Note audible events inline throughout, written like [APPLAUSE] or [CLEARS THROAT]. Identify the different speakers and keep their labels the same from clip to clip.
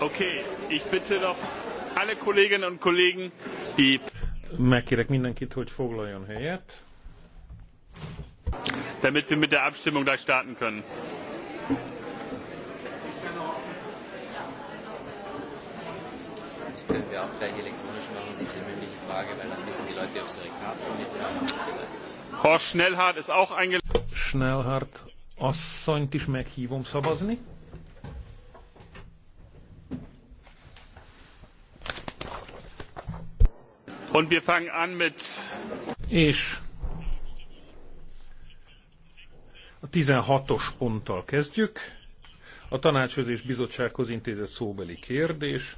Speaker 1: Okay, ich bitte alle Kolleginnen und Kollegen, die...
Speaker 2: Megkérek mindenkit, hogy foglaljon helyet.
Speaker 1: Damit wir mit der Abstimmung gleich starten können. können wir auch gleich elektronisch machen, diese mündliche Frage, weil dann wissen die Leute, ob sie ihre Horst Schnellhardt ist auch eingeladen.
Speaker 2: Schnellhardt asszonyt is meghívom szavazni.
Speaker 1: Und wir fangen an mit
Speaker 2: És a 16-os ponttal kezdjük. A tanácshoz bizottsághoz intézett szóbeli kérdés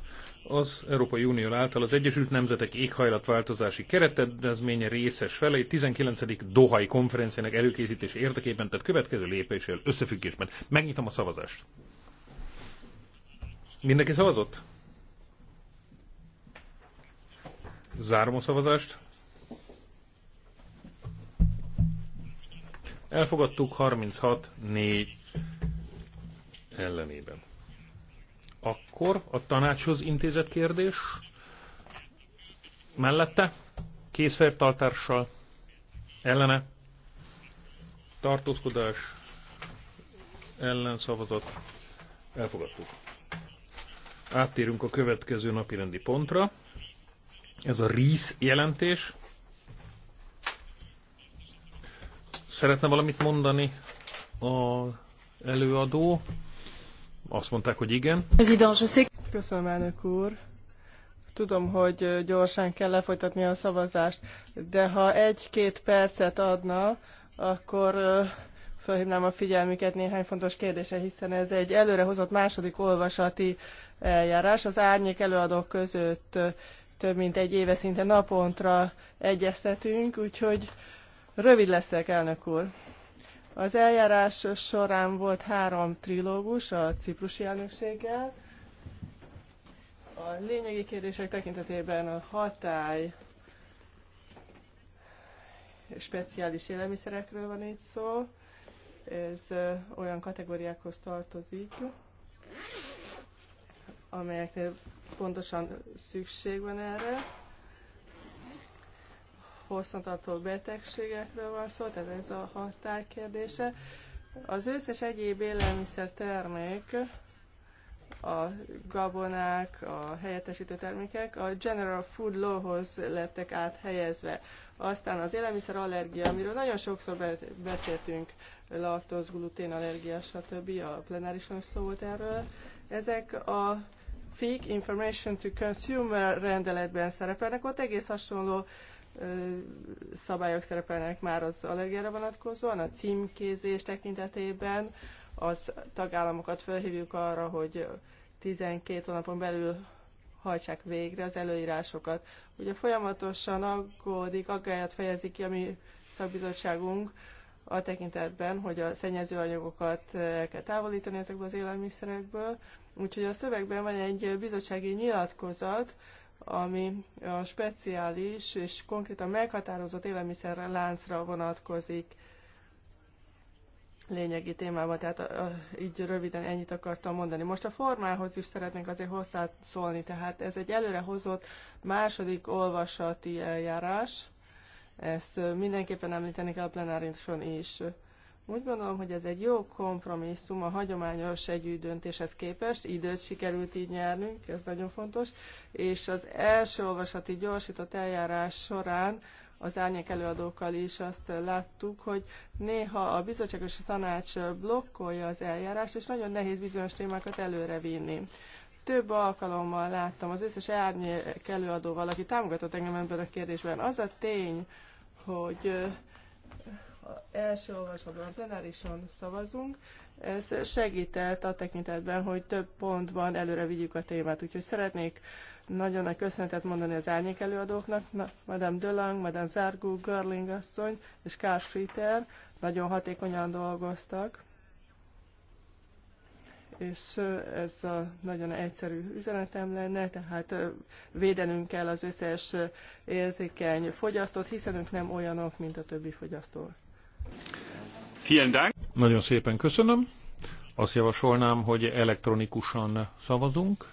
Speaker 2: az Európai Unió által az Egyesült Nemzetek éghajlatváltozási keretedezménye részes felei 19. Dohai konferenciának előkészítés érdekében, tett következő lépéssel összefüggésben. Megnyitom a szavazást. Mindenki szavazott? Zárom a szavazást. Elfogadtuk 36 4 ellenében. Akkor a tanácshoz intézett kérdés mellette, kézfertartással, ellene, tartózkodás, ellenszavazat, elfogadtuk. Áttérünk a következő napirendi pontra. Ez a rész jelentés. Szeretne valamit mondani az előadó? Azt mondták, hogy igen.
Speaker 3: Köszönöm, elnök úr tudom, hogy gyorsan kell lefolytatni a szavazást, de ha egy-két percet adna, akkor felhívnám a figyelmüket néhány fontos kérdésre, hiszen ez egy előrehozott második olvasati eljárás. Az árnyék előadók között több mint egy éve szinte napontra egyeztetünk, úgyhogy rövid leszek, elnök úr. Az eljárás során volt három trilógus a ciprusi elnökséggel. A lényegi kérdések tekintetében a hatály speciális élelmiszerekről van itt szó. Ez olyan kategóriákhoz tartozik, amelyeknél pontosan szükség van erre. Hosszantartó betegségekről van szó, tehát ez a hatály kérdése. Az összes egyéb élelmiszer termék, a gabonák, a helyettesítő termékek a General Food Law-hoz lettek áthelyezve. Aztán az élelmiszer allergia, amiről nagyon sokszor beszéltünk, laktóz, glutén stb. a plenárison is szó volt erről. Ezek a fake Information to Consumer rendeletben szerepelnek, ott egész hasonló szabályok szerepelnek már az allergiára vonatkozóan, a címkézés tekintetében, az tagállamokat felhívjuk arra, hogy 12 hónapon belül hajtsák végre az előírásokat. Ugye folyamatosan aggódik, aggályat fejezi ki a mi szakbizottságunk a tekintetben, hogy a szennyező anyagokat el kell távolítani ezekből az élelmiszerekből, Úgyhogy a szövegben van egy bizottsági nyilatkozat, ami a speciális és konkrétan meghatározott élelmiszerre láncra vonatkozik lényegi témában, tehát a, a, így röviden ennyit akartam mondani. Most a formához is szeretnék azért hozzászólni, tehát ez egy előrehozott második olvasati eljárás, ezt mindenképpen említeni kell a plenárison is. Úgy gondolom, hogy ez egy jó kompromisszum a hagyományos együtt döntéshez képest, időt sikerült így nyernünk, ez nagyon fontos, és az első olvasati gyorsított eljárás során az árnyék előadókkal is azt láttuk, hogy néha a bizottság és a tanács blokkolja az eljárást, és nagyon nehéz bizonyos témákat előre vinni. Több alkalommal láttam az összes árnyék előadóval, aki támogatott engem ebben a kérdésben. Az a tény, hogy első olvasatban a plenárison szavazunk. Ez segített a tekintetben, hogy több pontban előre vigyük a témát. Úgyhogy szeretnék nagyon nagy köszönetet mondani az árnyék előadóknak, Madame Delang, Madame Zárgó, Görling asszony és Karl Schritter nagyon hatékonyan dolgoztak. És ez a nagyon egyszerű üzenetem lenne, tehát védenünk kell az összes érzékeny fogyasztót, hiszen ők nem olyanok, mint a többi fogyasztó.
Speaker 2: Nagyon szépen köszönöm. Azt javasolnám, hogy elektronikusan szavazunk.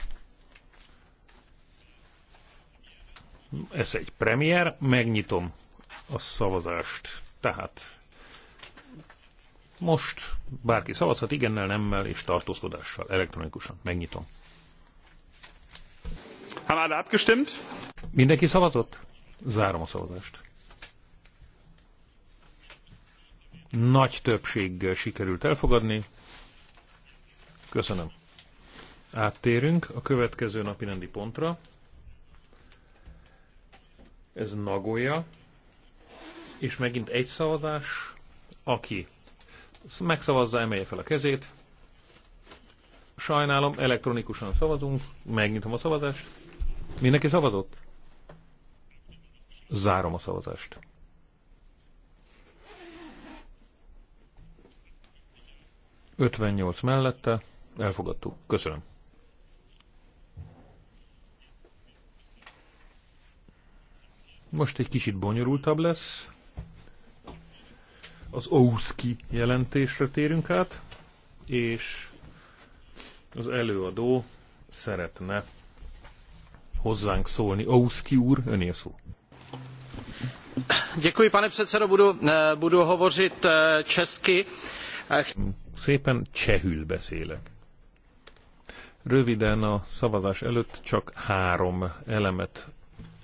Speaker 2: Ez egy premier, megnyitom a szavazást. Tehát most bárki szavazhat igennel, nemmel és tartózkodással elektronikusan. Megnyitom. Mindenki szavazott? Zárom a szavazást. nagy többséggel sikerült elfogadni. Köszönöm. Áttérünk a következő napi rendi pontra. Ez Nagoya, és megint egy szavazás, aki megszavazza, emelje fel a kezét. Sajnálom, elektronikusan szavazunk, megnyitom a szavazást. Mindenki szavazott? Zárom a szavazást. 58 mellette, elfogadtuk. Köszönöm. Most egy kicsit bonyolultabb lesz. Az OUSZKI jelentésre térünk át, és az előadó szeretne hozzánk szólni. Ouszki úr, öné szó.
Speaker 3: Děkuji, pane předsedo, budu, eh, budu hovořit eh, česky. Eh,
Speaker 2: szépen, csehül beszélek. Röviden a szavazás előtt csak három elemet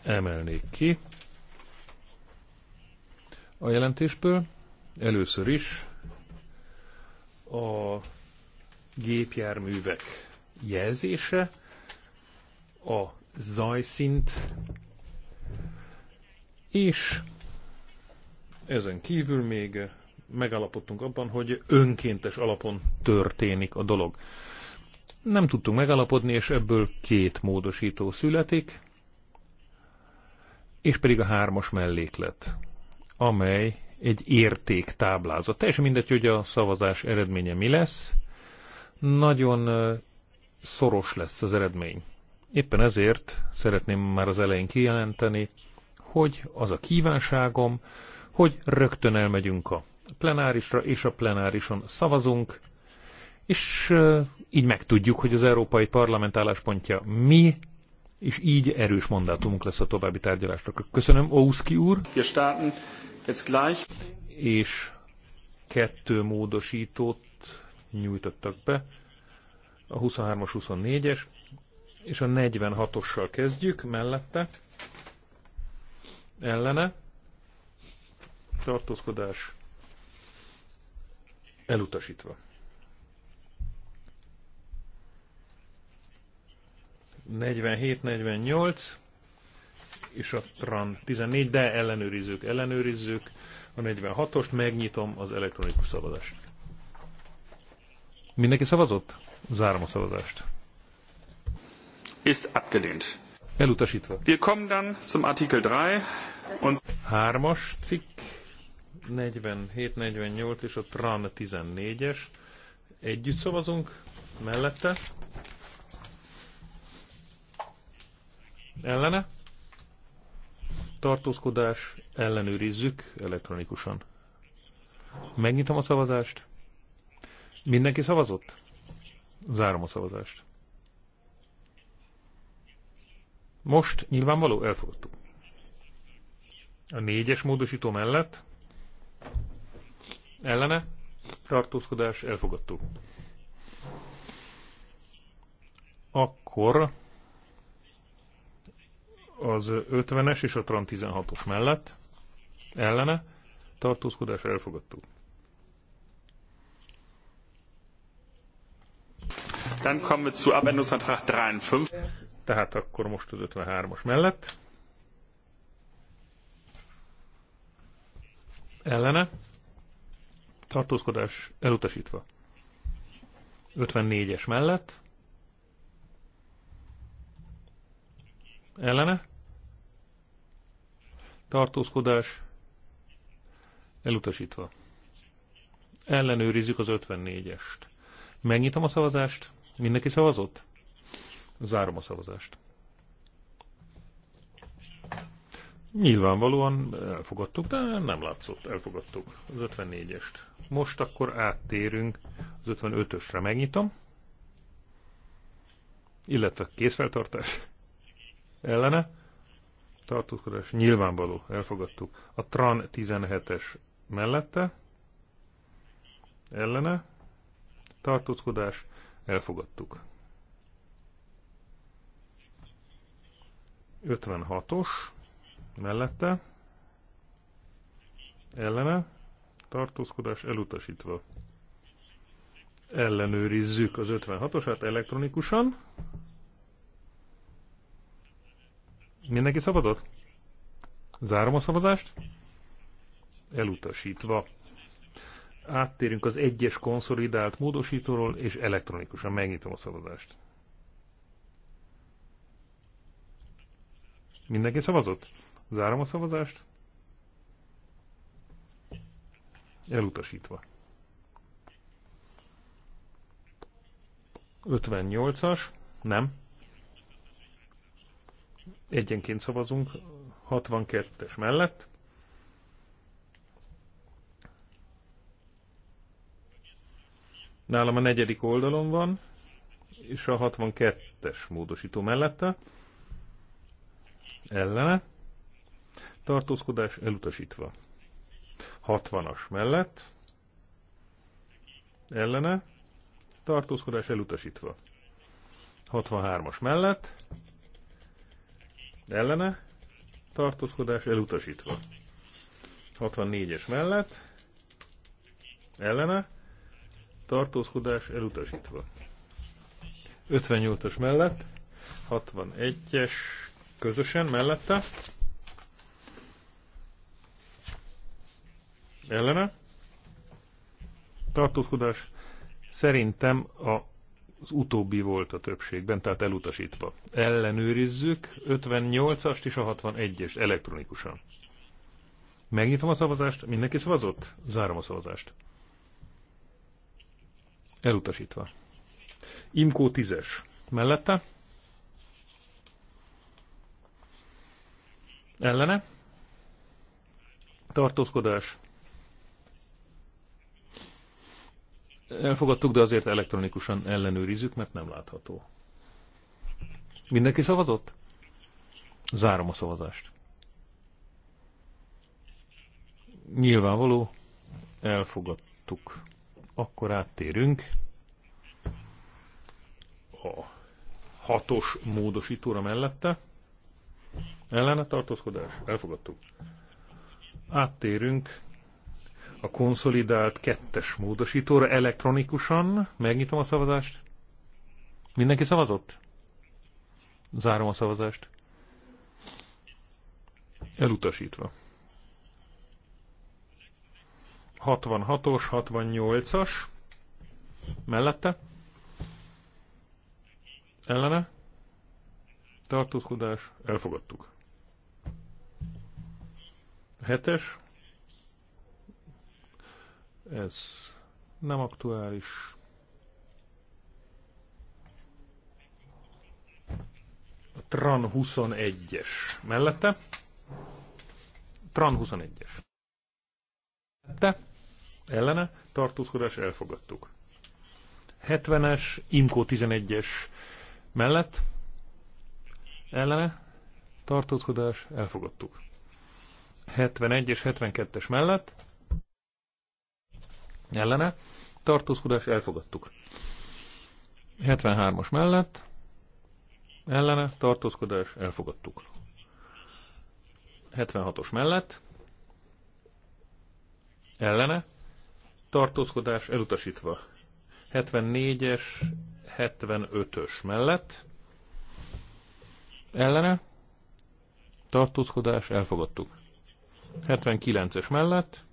Speaker 2: emelnék ki a jelentésből. Először is a gépjárművek jelzése, a zajszint, és ezen kívül még megállapodtunk abban, hogy önkéntes alapon történik a dolog. Nem tudtunk megállapodni, és ebből két módosító születik, és pedig a hármas melléklet, amely egy értéktáblázat. Teljesen mindegy, hogy a szavazás eredménye mi lesz, nagyon szoros lesz az eredmény. Éppen ezért szeretném már az elején kijelenteni, hogy az a kívánságom, hogy rögtön elmegyünk a plenárisra, és a plenárison szavazunk, és így megtudjuk, hogy az Európai Parlament álláspontja mi, és így erős mandátumunk lesz a további tárgyalásra. Köszönöm, Ouszki úr. Wir starten jetzt gleich. És kettő módosítót nyújtottak be, a 23-as, 24-es, és a 46-ossal kezdjük mellette, ellene, tartózkodás, Elutasítva. 47, 48. és a TRAN 14, de ellenőrizzük, ellenőrizzük. A 46-ost megnyitom az elektronikus szavazást. Mindenki szavazott? Zárom a szavazást.
Speaker 1: Ist abgelehnt.
Speaker 2: Elutasítva.
Speaker 1: Wir kommen dann zum Artikel 3. Und...
Speaker 2: Hármas cikk.
Speaker 1: 47,
Speaker 2: 48 és a Tran 14-es. Együtt szavazunk mellette. Ellene. Tartózkodás ellenőrizzük elektronikusan. Megnyitom a szavazást. Mindenki szavazott? Zárom a szavazást. Most nyilvánvaló elfogadtuk. A négyes módosító mellett ellene, tartózkodás, elfogadtó. Akkor az 50-es és a TRAN 16-os mellett ellene tartózkodás elfogadtó.
Speaker 1: Dann kommen wir zu Abendungsantrag 53. Tehát akkor most az 53-as mellett. Ellene
Speaker 2: tartózkodás elutasítva. 54-es mellett. Ellene. Tartózkodás elutasítva. Ellenőrizzük az 54-est. Megnyitom a szavazást. Mindenki szavazott? Zárom a szavazást. Nyilvánvalóan elfogadtuk, de nem látszott, elfogadtuk az 54-est. Most akkor áttérünk az 55-ösre. Megnyitom. Illetve készfeltartás ellene. Tartózkodás nyilvánvaló, elfogadtuk. A TRAN 17-es mellette ellene. Tartózkodás elfogadtuk. 56-os mellette ellene tartózkodás elutasítva. Ellenőrizzük az 56-osát elektronikusan. Mindenki szabadott? Zárom a szavazást. Elutasítva. Áttérünk az egyes konszolidált módosítóról, és elektronikusan megnyitom a szavazást. Mindenki szavazott? Zárom a szavazást. elutasítva. 58-as, nem. Egyenként szavazunk, 62-es mellett. Nálam a negyedik oldalon van, és a 62-es módosító mellette. Ellene. Tartózkodás elutasítva. 60-as mellett, ellene, tartózkodás elutasítva. 63-as mellett, ellene, tartózkodás elutasítva. 64-es mellett, ellene, tartózkodás elutasítva. 58-as mellett, 61-es közösen mellette, ellene. Tartózkodás szerintem a, az utóbbi volt a többségben, tehát elutasítva. Ellenőrizzük 58-ast és a 61-est elektronikusan. Megnyitom a szavazást, mindenki szavazott? Zárom a szavazást. Elutasítva. Imkó 10-es. Mellette? Ellene? Tartózkodás. elfogadtuk, de azért elektronikusan ellenőrizzük, mert nem látható. Mindenki szavazott? Zárom a szavazást. Nyilvánvaló, elfogadtuk. Akkor áttérünk a hatos módosítóra mellette. Ellene tartózkodás? Elfogadtuk. Áttérünk a konszolidált kettes módosítóra elektronikusan. Megnyitom a szavazást. Mindenki szavazott? Zárom a szavazást. Elutasítva. 66-os, 68-as. Mellette? Ellene? Tartózkodás. Elfogadtuk. 7-es. Ez nem aktuális. A Tran 21-es mellette. Tran 21-es. Mellette, ellene, tartózkodás elfogadtuk. 70-es, Imco 11-es mellett, ellene, tartózkodás elfogadtuk. 71 és 72-es mellett, ellene, tartózkodás elfogadtuk. 73-as mellett, ellene, tartózkodás elfogadtuk. 76-os mellett, ellene, tartózkodás elutasítva. 74-es, 75-ös mellett, ellene, tartózkodás elfogadtuk. 79-es mellett,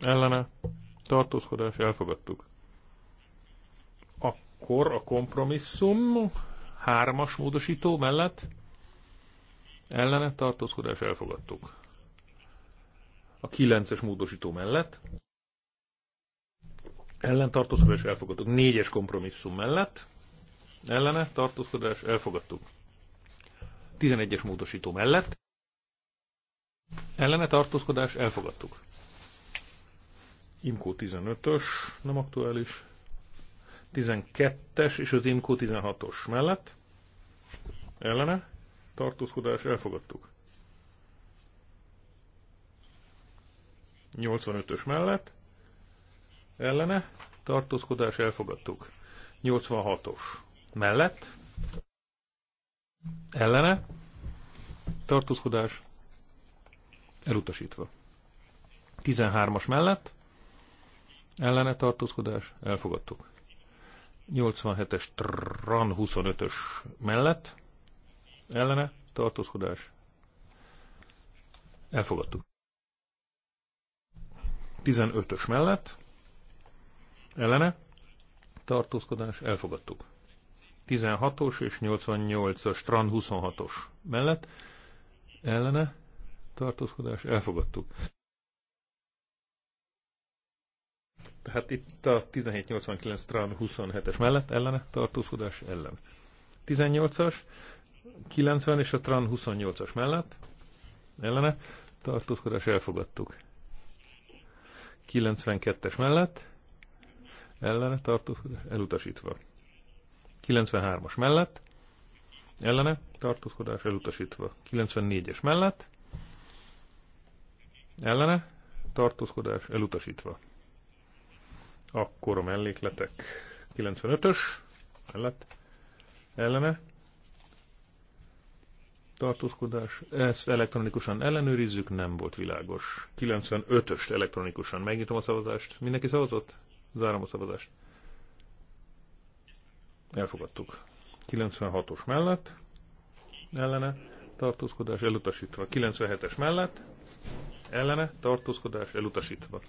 Speaker 2: ellene tartózkodás elfogadtuk. Akkor a kompromisszum hármas módosító mellett ellene tartózkodás elfogadtuk. A kilences módosító mellett ellen tartózkodás elfogadtuk. Négyes kompromisszum mellett ellene tartózkodás elfogadtuk. 11-es módosító mellett ellene tartózkodás elfogadtuk. Imkó 15-ös, nem aktuális. 12-es és az Imkó 16-os mellett. Ellene? Tartózkodás, elfogadtuk. 85-ös mellett. Ellene? Tartózkodás, elfogadtuk. 86-os mellett. Ellene? Tartózkodás, elutasítva. 13-as mellett ellene tartózkodás, elfogadtuk. 87-es TRAN 25-ös mellett, ellene tartózkodás, elfogadtuk. 15-ös mellett, ellene tartózkodás, elfogadtuk. 16-os és 88-as TRAN 26-os mellett, ellene tartózkodás, elfogadtuk. Tehát itt a 1789 Trán 27-es mellett ellene tartózkodás ellen. 18-as, 90 és a Tran 28-as mellett ellene tartózkodás elfogadtuk. 92-es mellett ellene tartózkodás elutasítva. 93-as mellett ellene tartózkodás elutasítva. 94-es mellett ellene tartózkodás elutasítva. Akkor a mellékletek 95-ös mellett ellene tartózkodás. Ezt elektronikusan ellenőrizzük, nem volt világos. 95-öst elektronikusan megnyitom a szavazást. Mindenki szavazott? Zárom a szavazást. Elfogadtuk. 96-os mellett ellene tartózkodás elutasítva. 97-es mellett ellene tartózkodás elutasítva.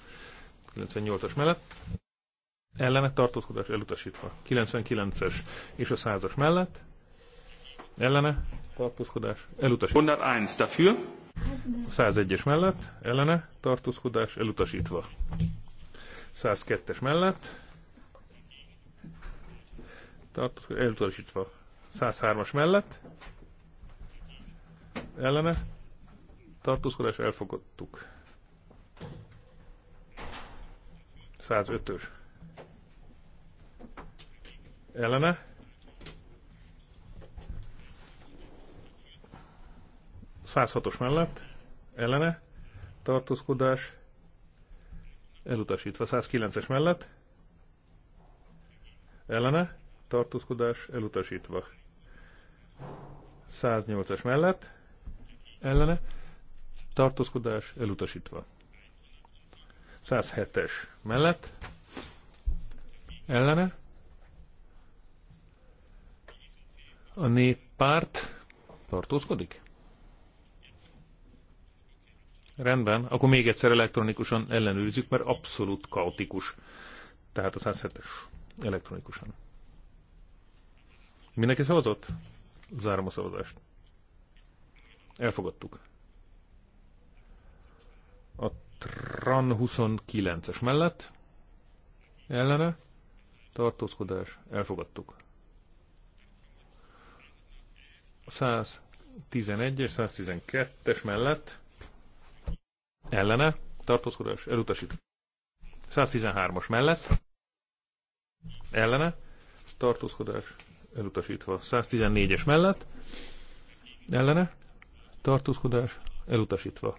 Speaker 2: 98-as mellett ellene tartózkodás elutasítva. 99-es és a 100-as mellett ellene tartózkodás elutasítva. 101 dafür. 101-es mellett ellene tartózkodás elutasítva. 102-es mellett tartózkodás elutasítva. 103-as mellett ellene tartózkodás elfogadtuk. 105-ös ellene. os mellett ellene tartózkodás elutasítva. 109-es mellett ellene tartózkodás elutasítva. 108 es mellett ellene tartózkodás elutasítva. 107-es mellett ellene A néppárt tartózkodik? Rendben, akkor még egyszer elektronikusan ellenőrizzük, mert abszolút kaotikus. Tehát a 107-es elektronikusan. Mindenki szavazott? Zárom a szavazást. Elfogadtuk. A TRAN 29-es mellett ellene tartózkodás elfogadtuk. 111 és 112-es mellett ellene tartózkodás elutasít. 113-as mellett ellene tartózkodás elutasítva. 114-es mellett ellene tartózkodás elutasítva.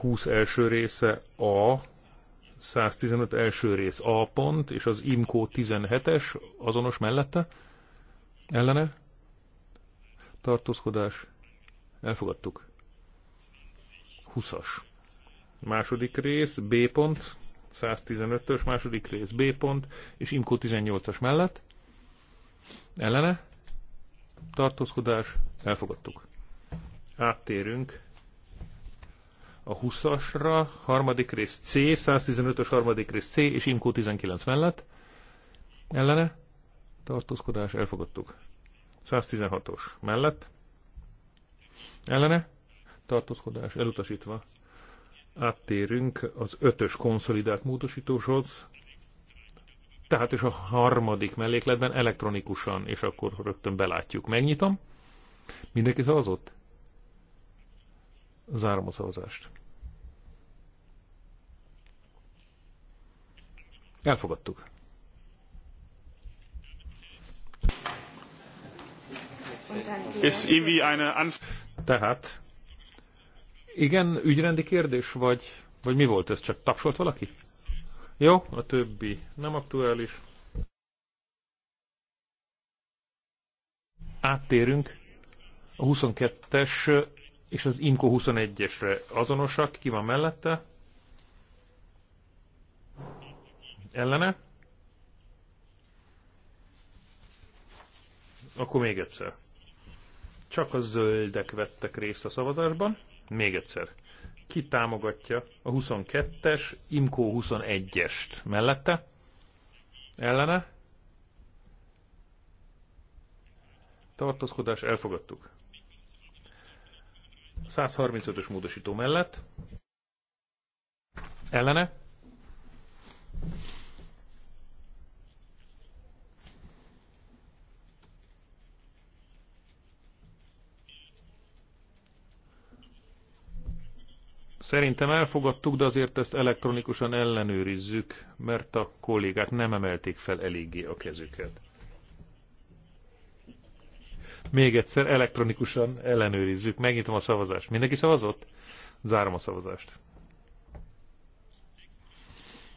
Speaker 2: 20 első része A, 115 első rész A pont, és az IMCO 17-es azonos mellette ellene tartózkodás, elfogadtuk. 20-as. Második rész, B pont, 115-ös második rész, B pont, és Imco 18-as mellett. Ellene, tartózkodás, elfogadtuk. Áttérünk a 20-asra, harmadik rész C, 115-ös harmadik rész C, és Imco 19 mellett. Ellene, tartózkodás, elfogadtuk. 116-os mellett. Ellene? Tartózkodás elutasítva. Áttérünk az ötös konszolidált módosítóshoz. Tehát és a harmadik mellékletben elektronikusan, és akkor rögtön belátjuk. Megnyitom. Mindenki szavazott? Zárom a szavazást.
Speaker 1: Elfogadtuk. Ist irgendwie eine
Speaker 2: Anf Tehát, igen, ügyrendi kérdés, vagy, vagy mi volt ez? Csak tapsolt valaki? Jó, a többi nem aktuális. Áttérünk a 22-es és az IMCO 21-esre. Azonosak, ki van mellette? Ellene? Akkor még egyszer. Csak a zöldek vettek részt a szavazásban. Még egyszer. Ki támogatja a 22-es, Imkó 21-est? Mellette? Ellene? Tartózkodás elfogadtuk. 135-ös módosító mellett. Ellene? Szerintem elfogadtuk, de azért ezt elektronikusan ellenőrizzük, mert a kollégák nem emelték fel eléggé a kezüket. Még egyszer elektronikusan ellenőrizzük. Megnyitom a szavazást. Mindenki szavazott? Zárom a szavazást.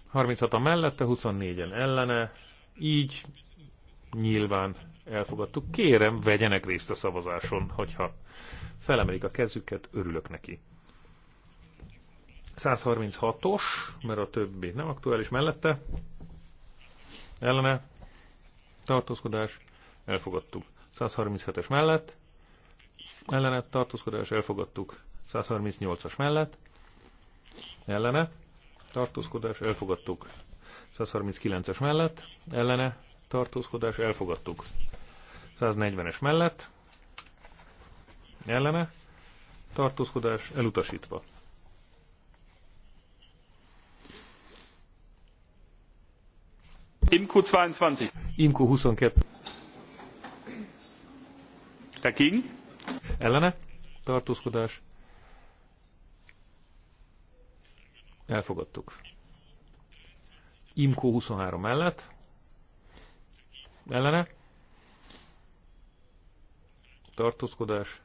Speaker 2: 36 a mellette, 24-en ellene. Így nyilván elfogadtuk. Kérem, vegyenek részt a szavazáson, hogyha felemelik a kezüket, örülök neki. 136-os, mert a többi nem aktuális mellette. Ellene. Tartózkodás. Elfogadtuk. 137-es mellett. Ellene. Tartózkodás. Elfogadtuk. 138-as mellett. Ellene. Tartózkodás. Elfogadtuk. 139-es mellett. Ellene. Tartózkodás. Elfogadtuk. 140-es mellett. Ellene. Tartózkodás. Elutasítva.
Speaker 1: Imco 22.
Speaker 2: Imco 22. Dagegen? Ellene? Tartózkodás. Elfogadtuk. Imco 23 mellett. Ellene? Tartózkodás.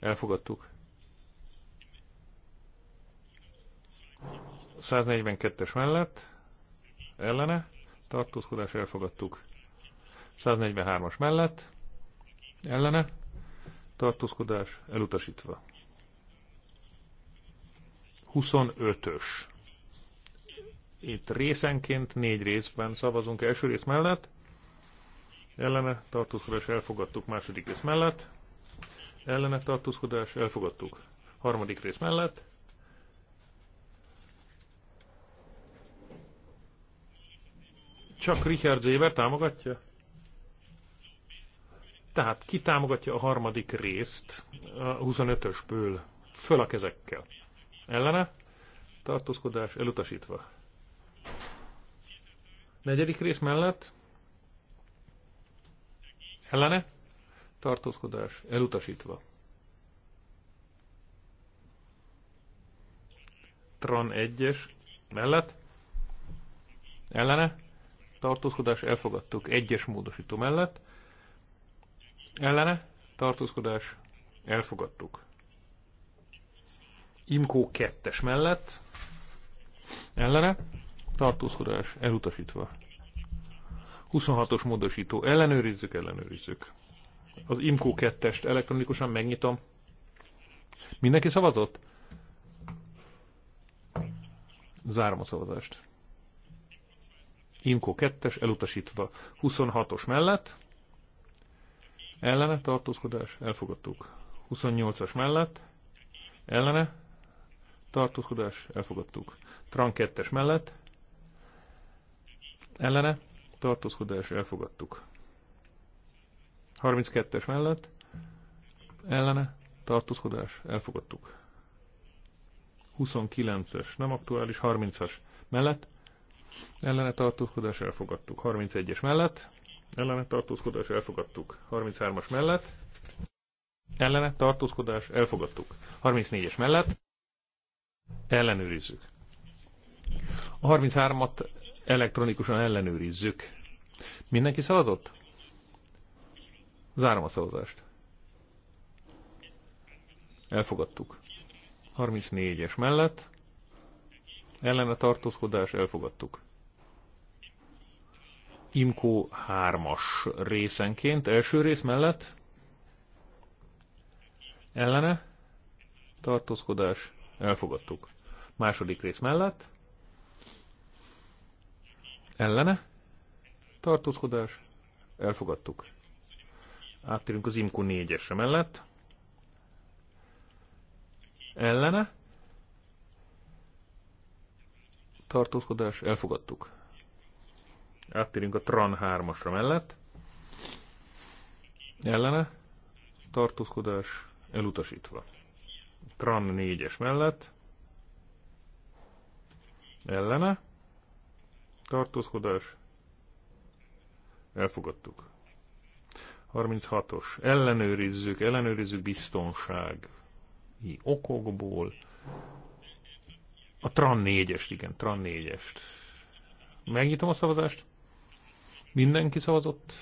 Speaker 2: Elfogadtuk. 142-es mellett ellene, tartózkodás elfogadtuk. 143-as mellett, ellene, tartózkodás elutasítva. 25-ös. Itt részenként négy részben szavazunk első rész mellett, ellene tartózkodás elfogadtuk második rész mellett, ellene tartózkodás elfogadtuk harmadik rész mellett, csak Richard Zéber támogatja? Tehát ki támogatja a harmadik részt a 25-ösből? Föl a kezekkel. Ellene? Tartózkodás elutasítva. Negyedik rész mellett? Ellene? Tartózkodás elutasítva. Tron 1-es mellett? Ellene? tartózkodás, elfogadtuk egyes módosító mellett, ellene, tartózkodás, elfogadtuk. Imkó 2 mellett, ellene, tartózkodás, elutasítva. 26-os módosító, ellenőrizzük, ellenőrizzük. Az Imkó 2-est elektronikusan megnyitom. Mindenki szavazott? Zárom a szavazást. Imko 2-es elutasítva 26-os mellett, ellene tartózkodás, elfogadtuk. 28-as mellett, ellene tartózkodás, elfogadtuk. Tran 2-es mellett, ellene tartózkodás, elfogadtuk. 32-es mellett, ellene tartózkodás, elfogadtuk. 29-es, nem aktuális, 30-as mellett, ellene tartózkodás elfogadtuk. 31-es mellett, ellene tartózkodás elfogadtuk. 33-as mellett, ellene tartózkodás elfogadtuk. 34-es mellett, ellenőrizzük. A 33-at elektronikusan ellenőrizzük. Mindenki szavazott? Zárom a szavazást. Elfogadtuk. 34-es mellett, ellene tartózkodás elfogadtuk. Imkó 3-as részenként, első rész mellett ellene tartózkodás elfogadtuk. Második rész mellett ellene tartózkodás elfogadtuk. Áttérünk az Imkó 4-esre mellett ellene tartózkodás, elfogadtuk. Áttérünk a TRAN 3-asra mellett. Ellene, tartózkodás, elutasítva. TRAN 4-es mellett. Ellene, tartózkodás, elfogadtuk. 36-os, ellenőrizzük, ellenőrizzük biztonsági okokból a TRAN 4-est, igen, TRAN 4-est. Megnyitom a szavazást. Mindenki szavazott.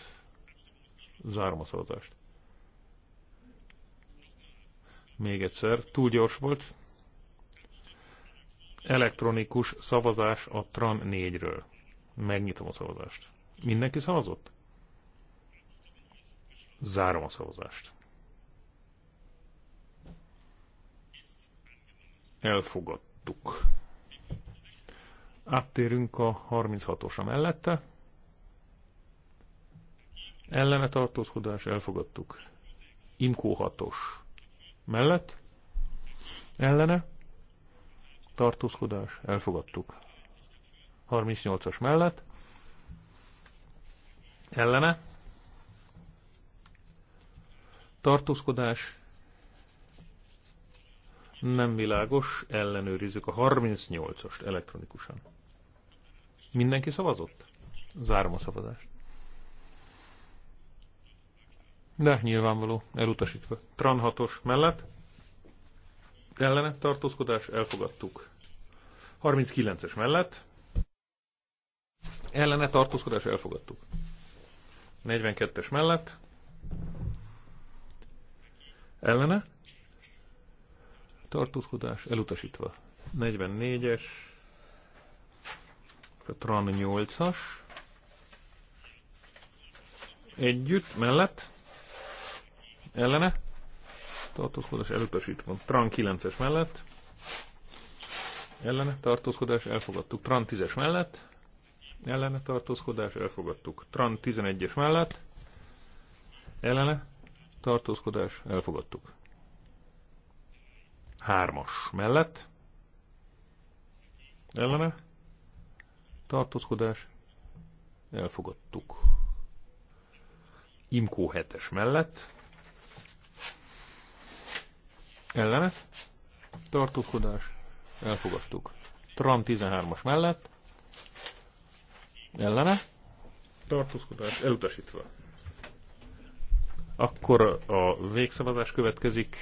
Speaker 2: Zárom a szavazást. Még egyszer, túl gyors volt. Elektronikus szavazás a TRAN 4-ről. Megnyitom a szavazást. Mindenki szavazott? Zárom a szavazást. Elfogott láttuk. Áttérünk a 36 osa mellette. Ellene tartózkodás elfogadtuk. Imkó 6-os. Mellett? Ellene? Tartózkodás elfogadtuk. 38-as mellett? Ellene? Tartózkodás nem világos, ellenőrizzük a 38-ost elektronikusan. Mindenki szavazott? Zárom a szavazást. De nyilvánvaló, elutasítva. Tran 6-os mellett ellene tartózkodás elfogadtuk. 39-es mellett ellene tartózkodás elfogadtuk. 42-es mellett ellene tartózkodás elutasítva. 44-es, a Tran 8-as, együtt, mellett, ellene, tartózkodás elutasítva. Tran 9-es mellett, ellene, tartózkodás elfogadtuk. Tran 10-es mellett, ellene, tartózkodás elfogadtuk. Tran 11-es mellett, ellene, tartózkodás elfogadtuk. Hármas mellett. Ellene. Tartózkodás. Elfogadtuk. Imkó hetes mellett. Ellene. Tartózkodás. Elfogadtuk. Tram 13-as mellett. Ellene. Tartózkodás elutasítva. Akkor a végszavazás következik.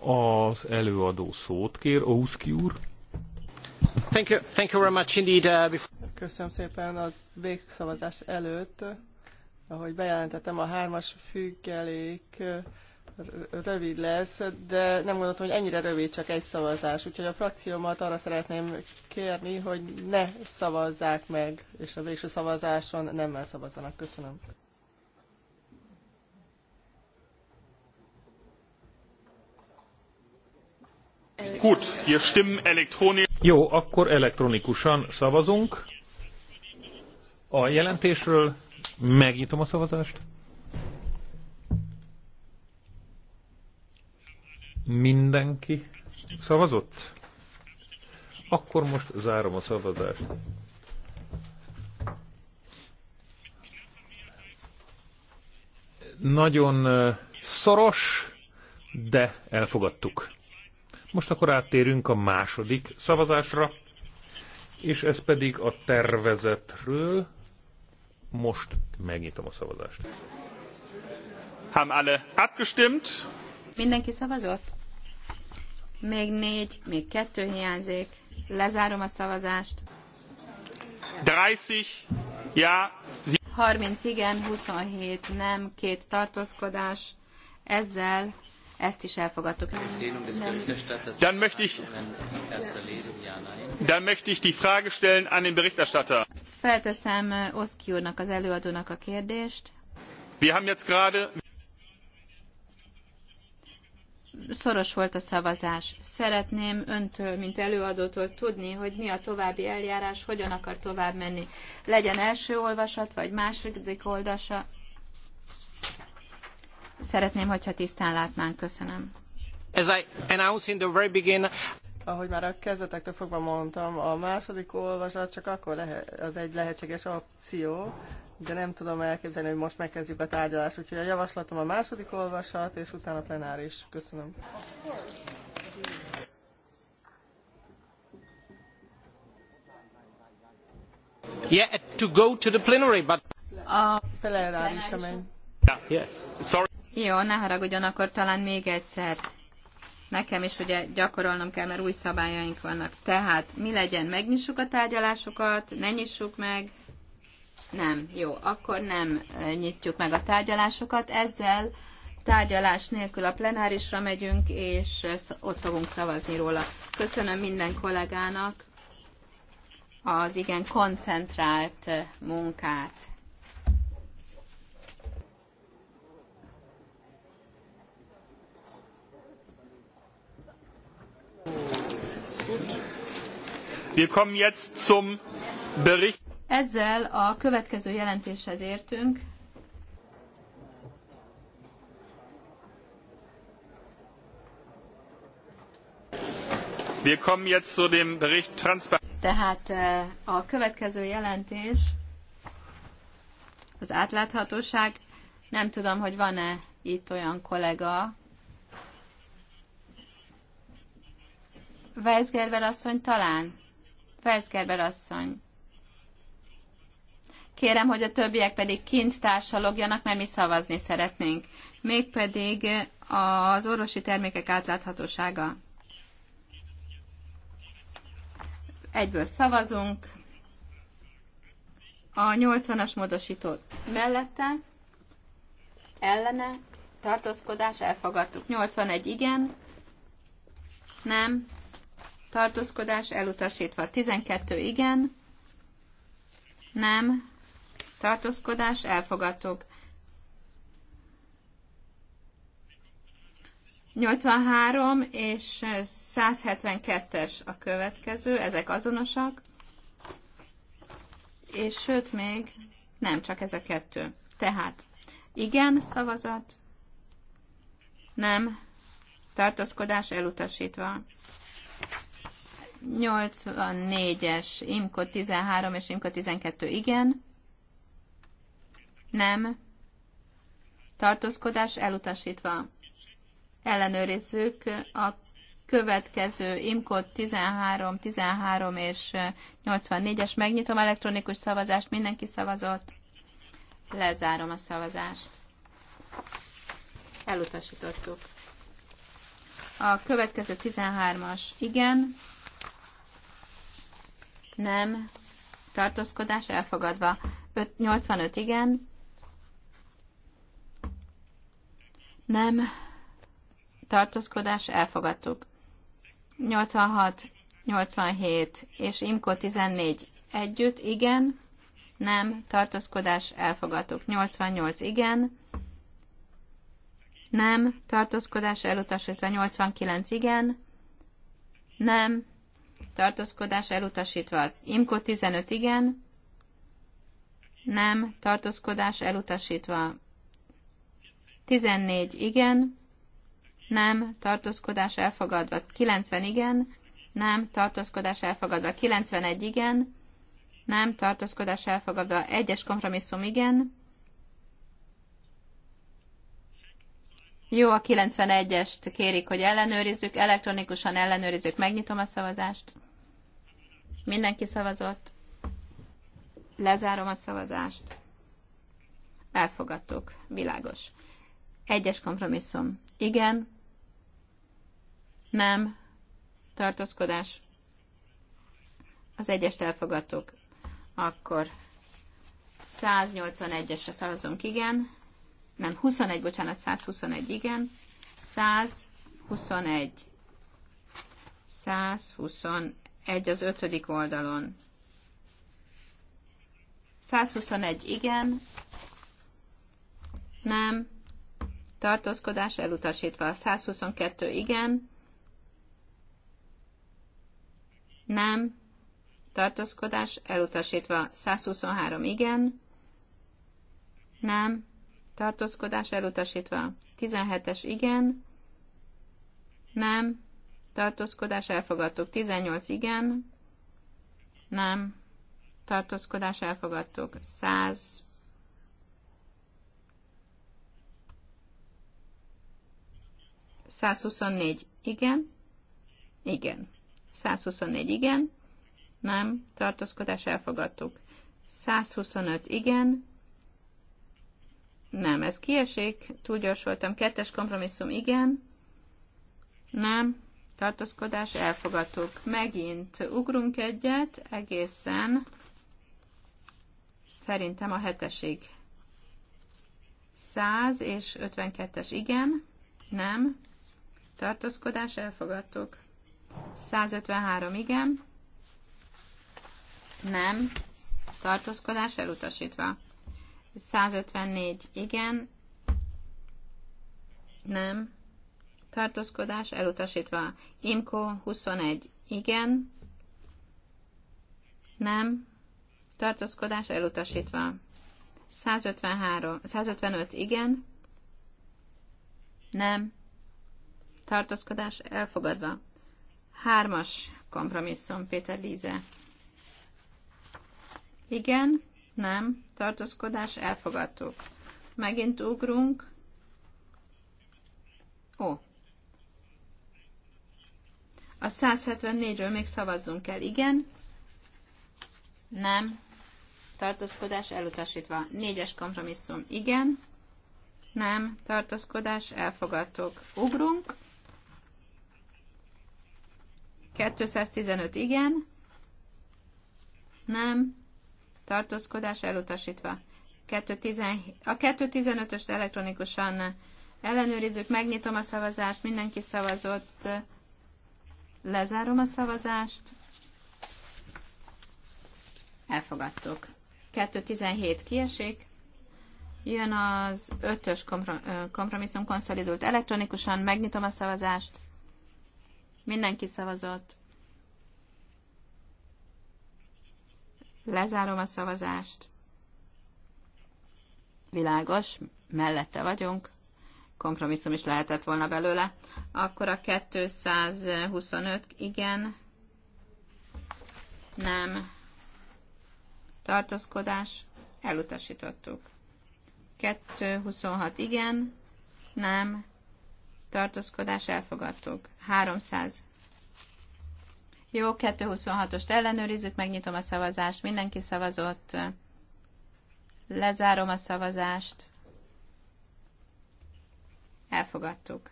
Speaker 2: Az előadó szót kér, Ouszki
Speaker 3: úr. Thank you, thank you very much indeed. Uh, before... Köszönöm szépen az végszavazás előtt, ahogy bejelentettem, a hármas függelék rövid lesz, de nem gondoltam, hogy ennyire rövid, csak egy szavazás. Úgyhogy a frakciómat arra szeretném kérni, hogy ne szavazzák meg, és a végső szavazáson nemmel szavazzanak. Köszönöm.
Speaker 1: Gut, wir stimmen
Speaker 2: elektronisch. Jó, akkor elektronikusan szavazunk. A jelentésről megnyitom a szavazást. Mindenki szavazott? Akkor most zárom a szavazást. Nagyon szoros, de elfogadtuk. Most akkor áttérünk a második szavazásra, és ez pedig a tervezetről.
Speaker 1: Most megnyitom a szavazást. Haben alle
Speaker 4: abgestimmt? Mindenki szavazott? Még négy, még kettő hiányzik. Lezárom a szavazást.
Speaker 1: 30, ja.
Speaker 4: 30 igen, 27 nem, két tartózkodás. Ezzel ezt is elfogadtuk.
Speaker 1: Dann möchte ich, dann möchte ich die Frage stellen an den Berichterstatter.
Speaker 4: Felteszem eh, Oszki úrnak, az előadónak a kérdést.
Speaker 1: Wir haben jetzt gerade
Speaker 4: szoros volt a szavazás. Szeretném öntől, mint előadótól tudni, hogy mi a további eljárás, hogyan akar tovább menni. Legyen első olvasat, vagy második oldasa, Szeretném, hogyha tisztán látnánk. Köszönöm. As
Speaker 3: I announced in the very beginning, ahogy már a kezdetektől fogva mondtam, a második olvasat csak akkor lehet, az egy lehetséges opció, de nem tudom elképzelni, hogy most megkezdjük a tárgyalást. Úgyhogy a javaslatom a második olvasat, és utána a plenáris. Köszönöm.
Speaker 1: Yeah, to go to the
Speaker 2: plenary, but...
Speaker 4: A plenárisra megy.
Speaker 2: Yeah, yeah. Sorry.
Speaker 4: Jó, ne haragudjon, akkor talán még egyszer. Nekem is ugye gyakorolnom kell, mert új szabályaink vannak. Tehát mi legyen, megnyissuk a tárgyalásokat, ne nyissuk meg. Nem, jó, akkor nem nyitjuk meg a tárgyalásokat. Ezzel tárgyalás nélkül a plenárisra megyünk, és ott fogunk szavazni róla. Köszönöm minden kollégának az igen koncentrált munkát.
Speaker 1: Wir kommen jetzt zum Bericht.
Speaker 4: Ezzel a következő jelentéshez értünk.
Speaker 1: Wir kommen jetzt zu dem Bericht Transparenz.
Speaker 4: Tehát a következő jelentés az átláthatóság. Nem tudom, hogy van-e itt olyan kollega, Weisgerber asszony talán? Weisgerber asszony. Kérem, hogy a többiek pedig kint társalogjanak, mert mi szavazni szeretnénk. Mégpedig az orvosi termékek átláthatósága. Egyből szavazunk. A 80-as módosító mellette, ellene, tartózkodás, elfogadtuk. 81 igen, nem, tartózkodás elutasítva. 12 igen, nem, tartózkodás elfogadtuk. 83 és 172-es a következő, ezek azonosak, és sőt még nem, csak ez a kettő. Tehát igen szavazat, nem, tartózkodás elutasítva. 84-es, IMKO 13 és IMKO 12 igen, nem, tartózkodás elutasítva. Ellenőrizzük a következő IMKO 13, 13 és 84-es. Megnyitom elektronikus szavazást, mindenki szavazott. Lezárom a szavazást. Elutasítottuk. A következő 13-as igen, nem, tartózkodás elfogadva. 5, 85 igen, nem, tartózkodás elfogadtuk. 86, 87 és Imko 14 együtt, igen, nem, tartózkodás elfogadtuk. 88 igen, nem, tartózkodás elutasítva. 89 igen, nem, tartózkodás elutasítva. Imko 15 igen, nem, tartózkodás elutasítva. 14 igen, nem, tartózkodás elfogadva. 90 igen, nem, tartózkodás elfogadva. 91 igen, nem, tartózkodás elfogadva. Egyes kompromisszum igen, Jó, a 91-est kérik, hogy ellenőrizzük, elektronikusan ellenőrizzük. Megnyitom a szavazást. Mindenki szavazott. Lezárom a szavazást. Elfogadtuk. Világos. Egyes kompromisszum. Igen. Nem. Tartózkodás. Az egyest elfogadtuk. Akkor 181-esre szavazunk igen nem, 21, bocsánat, 121, igen, 121, 121 az ötödik oldalon. 121, igen, nem, tartózkodás elutasítva. 122, igen, nem, tartózkodás elutasítva. 123, igen, nem, tartózkodás elutasítva. 17-es igen, nem, tartózkodás elfogadtuk. 18 igen, nem, tartózkodás elfogadtuk. 100 124 igen, igen. 124 igen, nem, tartózkodás elfogadtuk. 125 igen, nem, ez kiesik, túl gyors voltam. Kettes kompromisszum, igen. Nem, tartózkodás, elfogadtuk. Megint ugrunk egyet, egészen szerintem a hetesig. 100 és 52-es, igen. Nem, tartózkodás, elfogadtuk. 153, igen. Nem, tartózkodás elutasítva. 154 igen, nem, tartózkodás elutasítva. Imko 21 igen, nem, tartózkodás elutasítva. 153, 155 igen, nem, tartózkodás elfogadva. Hármas kompromisszum, Péter Líze. Igen, nem, tartózkodás, elfogadtuk. Megint ugrunk. Ó. A 174-ről még szavaznunk kell. Igen, nem, tartózkodás, elutasítva. Négyes kompromisszum, igen, nem, tartózkodás, elfogadtuk. Ugrunk. 215, igen, nem, tartózkodás elutasítva. a 215-öst elektronikusan ellenőrizzük, megnyitom a szavazást, mindenki szavazott, lezárom a szavazást, elfogadtuk. 217 kiesik, jön az 5-ös kompromisszum konszolidult elektronikusan, megnyitom a szavazást, mindenki szavazott, Lezárom a szavazást. Világos, mellette vagyunk. Kompromisszum is lehetett volna belőle. Akkor a 225 igen, nem, tartózkodás, elutasítottuk. 226 igen, nem, tartózkodás, elfogadtuk. 300 jó, 226-ost ellenőrizzük, megnyitom a szavazást, mindenki szavazott. Lezárom a szavazást. Elfogadtuk.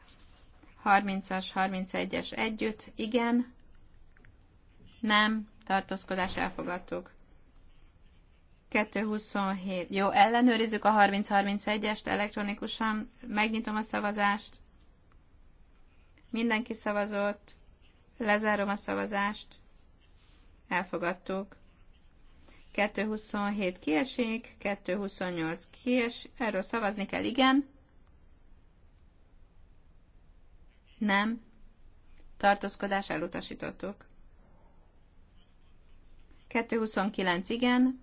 Speaker 4: 30-as, 31-es együtt, igen, nem, tartózkodás elfogadtuk. 227. Jó, ellenőrizzük a 30. 31 est elektronikusan. Megnyitom a szavazást. Mindenki szavazott. Lezárom a szavazást. Elfogadtuk. 227 kiesik, 228 kies, erről szavazni kell, igen. Nem. Tartózkodás elutasítottuk. 229 igen.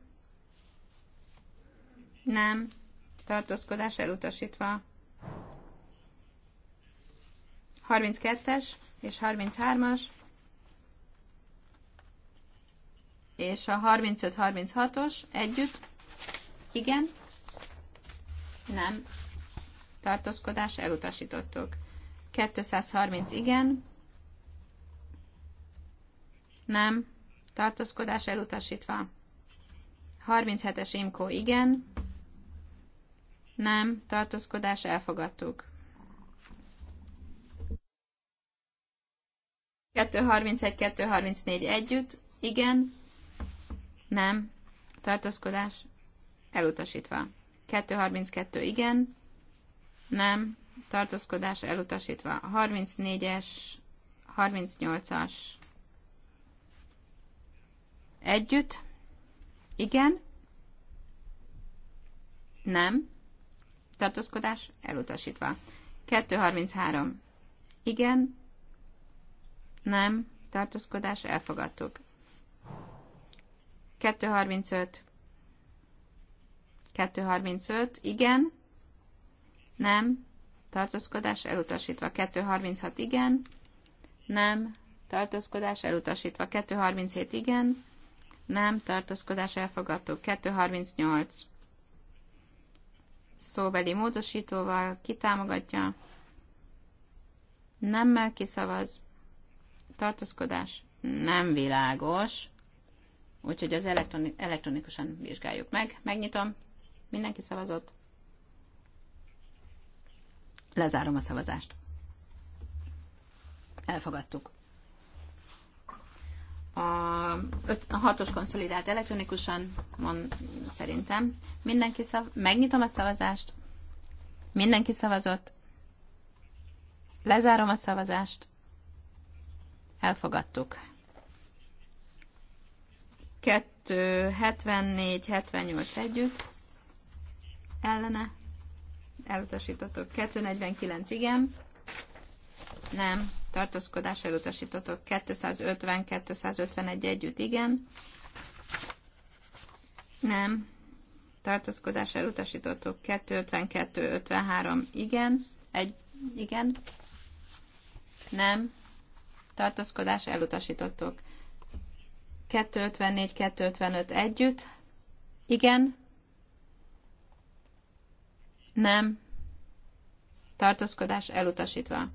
Speaker 4: Nem. Tartózkodás elutasítva. 32-es és 33-as, és a 35-36-os együtt, igen, nem, tartózkodás elutasítottuk. 230 igen, nem, tartózkodás elutasítva. 37-es imkó igen, nem, tartózkodás elfogadtuk. 231-234 együtt, igen, nem, tartózkodás, elutasítva. 232 igen, nem, tartózkodás, elutasítva. 34-es, 38-as együtt, igen, nem, tartózkodás, elutasítva. 233 igen, nem. Tartózkodás elfogadtuk. 235. 235. Igen. Nem. Tartózkodás elutasítva. 236. Igen. Nem. Tartózkodás elutasítva. 237. Igen. Nem. Tartózkodás elfogadtuk. 238. Szóbeli módosítóval kitámogatja. Nemmel kiszavaz tartózkodás nem világos, úgyhogy az elektroni- elektronikusan vizsgáljuk meg. Megnyitom, mindenki szavazott, lezárom a szavazást. Elfogadtuk. A, öt, a hatos konszolidált elektronikusan, mond, szerintem. Mindenki szav, megnyitom a szavazást. Mindenki szavazott. Lezárom a szavazást. Elfogadtuk. 2, 74, 78 együtt. Ellene. Elutasítottok. 249, igen. Nem. Tartózkodás elutasítottok. 250, 251 együtt, igen. Nem. Tartózkodás elutasítotok. 252, 53, igen. Egy, igen. Nem tartózkodás elutasítottuk. 254-255 együtt. Igen. Nem. Tartózkodás elutasítva.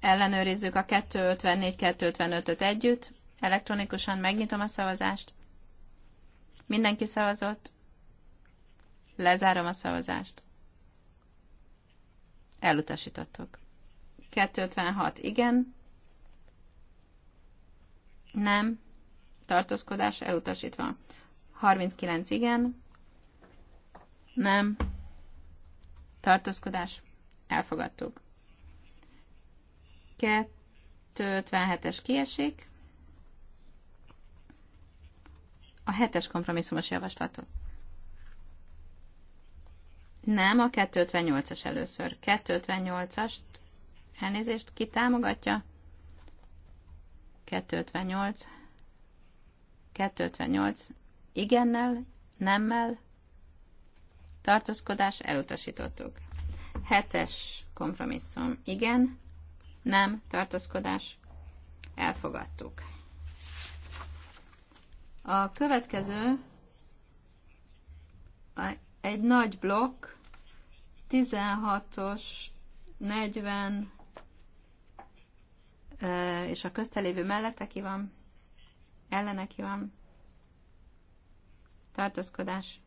Speaker 4: Ellenőrizzük a 254-255-öt együtt. Elektronikusan megnyitom a szavazást. Mindenki szavazott. Lezárom a szavazást. Elutasítottuk. 256 igen, nem, tartózkodás elutasítva. 39 igen, nem, tartózkodás elfogadtuk. 257-es kiesik, a 7-es kompromisszumos javaslatot. Nem, a 258-as először. 258-ast elnézést ki támogatja? 258, 258 igennel, nemmel, tartózkodás elutasítottuk. Hetes kompromisszum igen, nem, tartózkodás elfogadtuk. A következő egy nagy blokk, 16-os, 40, és a köztelévő mellette ki van, ellene ki van, tartózkodás.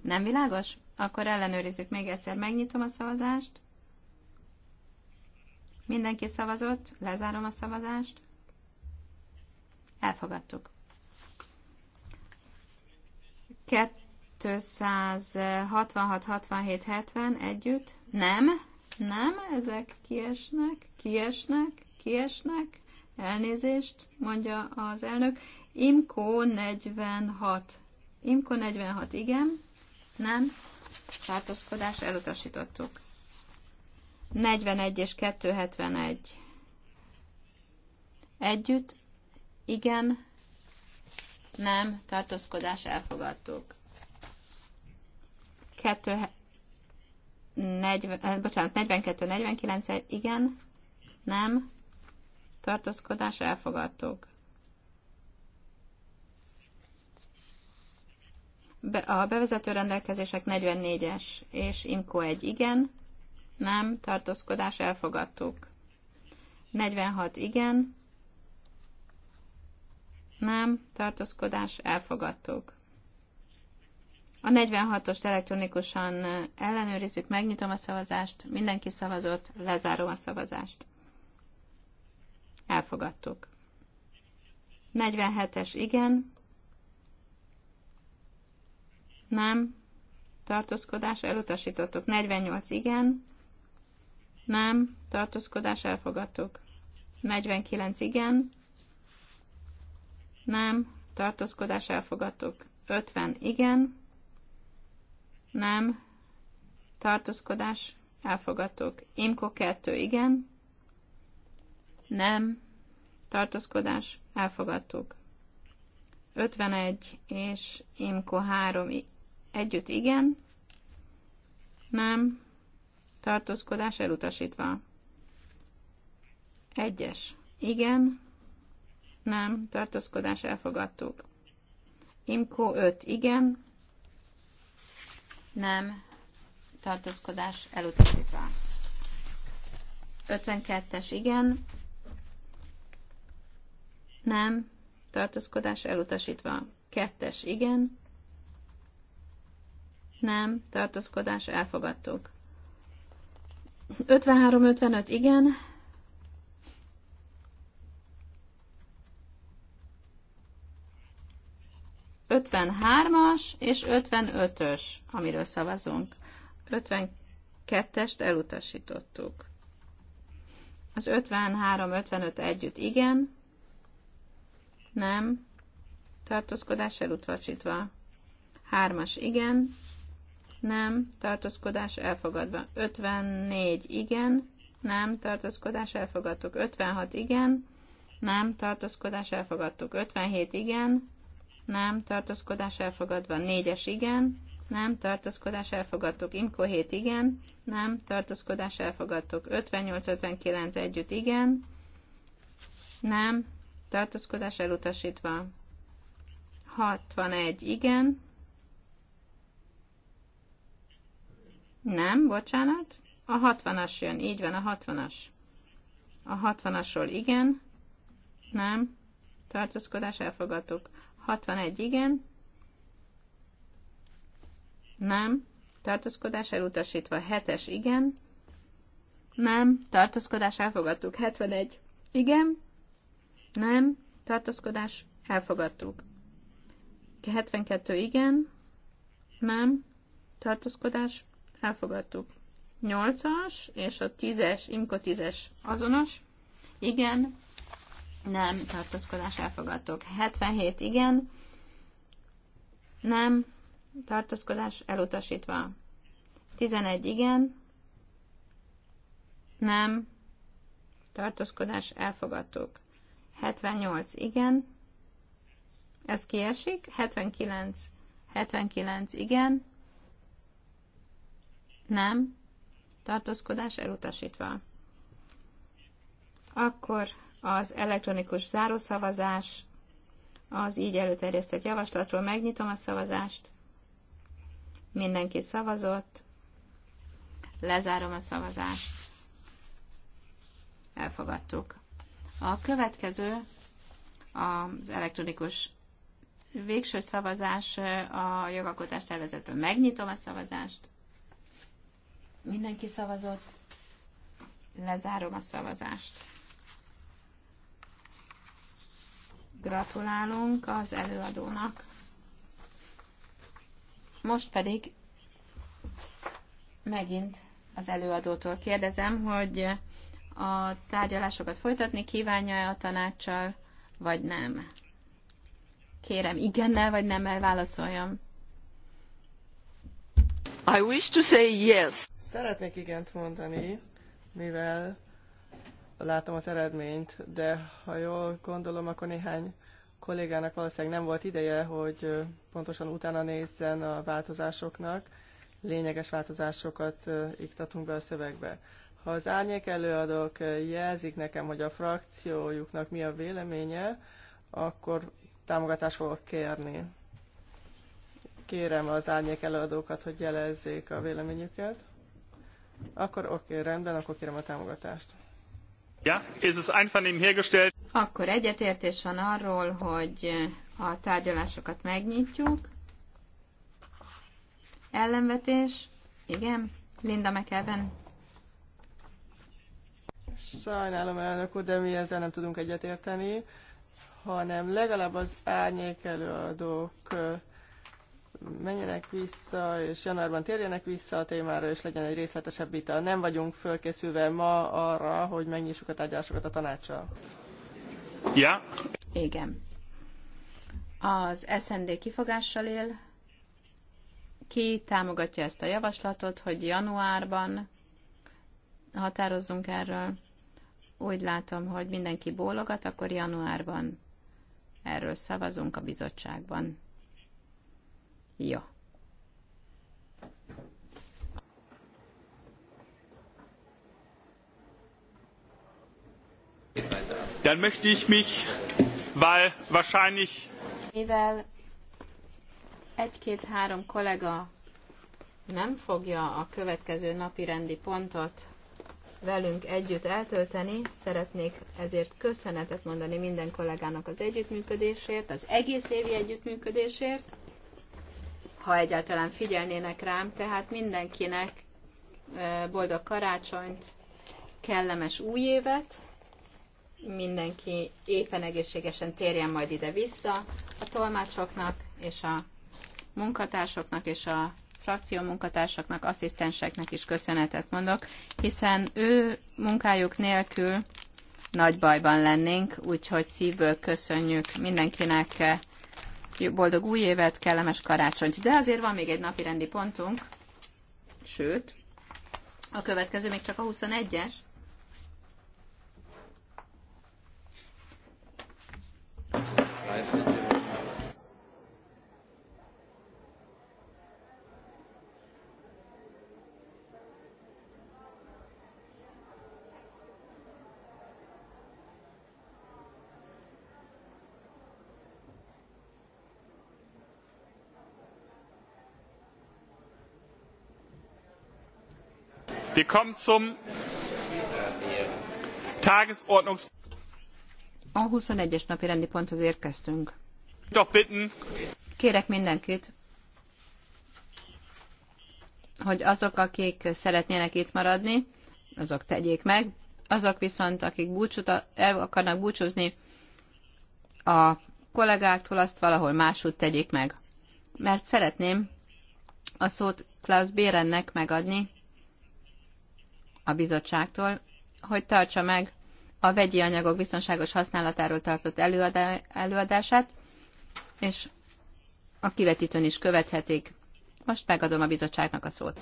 Speaker 4: Nem világos? Akkor ellenőrizzük még egyszer. Megnyitom a szavazást. Mindenki szavazott, lezárom a szavazást. Elfogadtuk. 266, 67, 70 együtt. Nem, nem, ezek kiesnek, kiesnek, kiesnek. Elnézést, mondja az elnök. Imko 46. Imko 46, igen. Nem. Tartózkodás elutasítottuk. 41 és 271. Együtt. Igen. Nem. Tartózkodás elfogadtuk. 2 40, eh, bocsánat, 42-49, igen, nem, tartózkodás, elfogadtuk. Be, a bevezető rendelkezések 44-es és IMCO 1, igen, nem, tartózkodás, elfogadtuk. 46, igen, nem, tartózkodás, elfogadtuk. A 46-ost elektronikusan ellenőrizzük, megnyitom a szavazást, mindenki szavazott, lezárom a szavazást. Elfogadtuk. 47-es igen, nem, tartózkodás elutasítottuk. 48 igen, nem, tartózkodás elfogadtuk. 49 igen, nem, tartózkodás elfogadtuk. 50 igen, nem, tartózkodás, elfogadtuk. Imko 2, igen, nem, tartózkodás, elfogadtuk. 51 és Imko 3 együtt igen, nem, tartózkodás elutasítva. Egyes, igen, nem, tartózkodás elfogadtuk. Imko 5, igen, nem, tartózkodás elutasítva. 52-es igen, nem, tartózkodás elutasítva. 2-es igen, nem, tartózkodás elfogadtuk. 53-55 igen, 53-as és 55-ös, amiről szavazunk. 52-est elutasítottuk. Az 53-55 együtt igen, nem, tartózkodás elutasítva. 3-as igen, nem, tartózkodás elfogadva. 54 igen, nem, tartózkodás elfogadtuk. 56 igen, nem, tartózkodás elfogadtuk. 57 igen, nem, tartózkodás elfogadva. Négyes, igen, nem, tartózkodás elfogadtok. Imko 7, igen, nem, tartózkodás elfogadtok. 58-59 együtt, igen, nem, tartózkodás elutasítva. 61, igen, nem, bocsánat, a 60-as jön, így van, a 60-as. A 60-asról igen, nem, tartózkodás elfogadtuk. 61 igen, nem, tartózkodás elutasítva. 7-es igen, nem, tartózkodás elfogadtuk. 71 igen, nem, tartózkodás elfogadtuk. 72 igen, nem, tartózkodás elfogadtuk. 8-as és a 10-es, imko 10-es azonos, igen, nem, tartózkodás elfogadtok. 77 igen, nem, tartózkodás elutasítva. 11 igen, nem, tartózkodás elfogadtok. 78 igen, ez kiesik, 79, 79 igen, nem, tartózkodás elutasítva. Akkor az elektronikus zárószavazás az így előterjesztett javaslatról. Megnyitom a szavazást. Mindenki szavazott. Lezárom a szavazást. Elfogadtuk. A következő az elektronikus végső szavazás a jogalkotás tervezetről. Megnyitom a szavazást. Mindenki szavazott. Lezárom a szavazást. Gratulálunk az előadónak. Most pedig megint az előadótól kérdezem, hogy a tárgyalásokat folytatni kívánja-e a tanácssal, vagy nem? Kérem, igennel vagy nem válaszoljam.
Speaker 3: I wish to say yes. Szeretnék igent mondani, mivel látom az eredményt, de ha jól gondolom, akkor néhány kollégának valószínűleg nem volt ideje, hogy pontosan utána nézzen a változásoknak. Lényeges változásokat iktatunk be a szövegbe. Ha az árnyék előadók jelzik nekem, hogy a frakciójuknak mi a véleménye, akkor támogatást fogok kérni. Kérem az árnyék előadókat, hogy jelezzék a véleményüket. Akkor oké, okay, rendben,
Speaker 4: akkor kérem a támogatást.
Speaker 1: Ja, ist es einvernehmen hergestellt?
Speaker 4: Akkor egyetértés van arról, hogy a tárgyalásokat megnyitjuk. Ellenvetés? Igen. Linda McEwen.
Speaker 3: Sajnálom, elnök úr, de mi ezzel nem tudunk egyetérteni, hanem legalább az árnyék előadók menjenek vissza, és januárban térjenek vissza a témára, és legyen egy részletesebb vita. Nem vagyunk fölkészülve
Speaker 4: ma arra, hogy megnyissuk a tárgyalásokat a tanácssal. Ja. Igen. Az SND kifogással él. Ki támogatja ezt a javaslatot, hogy januárban határozzunk erről? Úgy látom, hogy mindenki bólogat, akkor januárban erről szavazunk a bizottságban. Jó.
Speaker 1: Dann möchte ich mich, weil wahrscheinlich...
Speaker 4: Mivel egy-két-három kollega nem fogja a következő napi rendi pontot velünk együtt eltölteni. Szeretnék ezért köszönetet mondani minden kollégának az együttműködésért, az egész évi együttműködésért ha egyáltalán figyelnének rám, tehát mindenkinek boldog karácsonyt, kellemes új évet, mindenki éppen egészségesen térjen majd ide-vissza a tolmácsoknak és a munkatársoknak és a frakció munkatársaknak, asszisztenseknek is köszönetet mondok, hiszen ő munkájuk nélkül nagy bajban lennénk, úgyhogy szívből köszönjük mindenkinek boldog új évet, kellemes karácsonyt. De azért van még egy napi rendi pontunk, sőt, a következő még csak a 21-es.
Speaker 1: Right. Wir kommen zum Tagesordnungspunkt.
Speaker 4: A 21-es napi rendi ponthoz érkeztünk.
Speaker 1: Doch bitten.
Speaker 4: Kérek mindenkit, hogy azok, akik szeretnének itt maradni, azok tegyék meg, azok viszont, akik búcsút, el akarnak búcsúzni a kollégáktól, azt valahol máshogy tegyék meg. Mert szeretném a szót Klaus Bérennek megadni, a bizottságtól, hogy tartsa meg a vegyi anyagok biztonságos használatáról tartott előadását, és a kivetítőn is követhetik. Most megadom a bizottságnak a szót.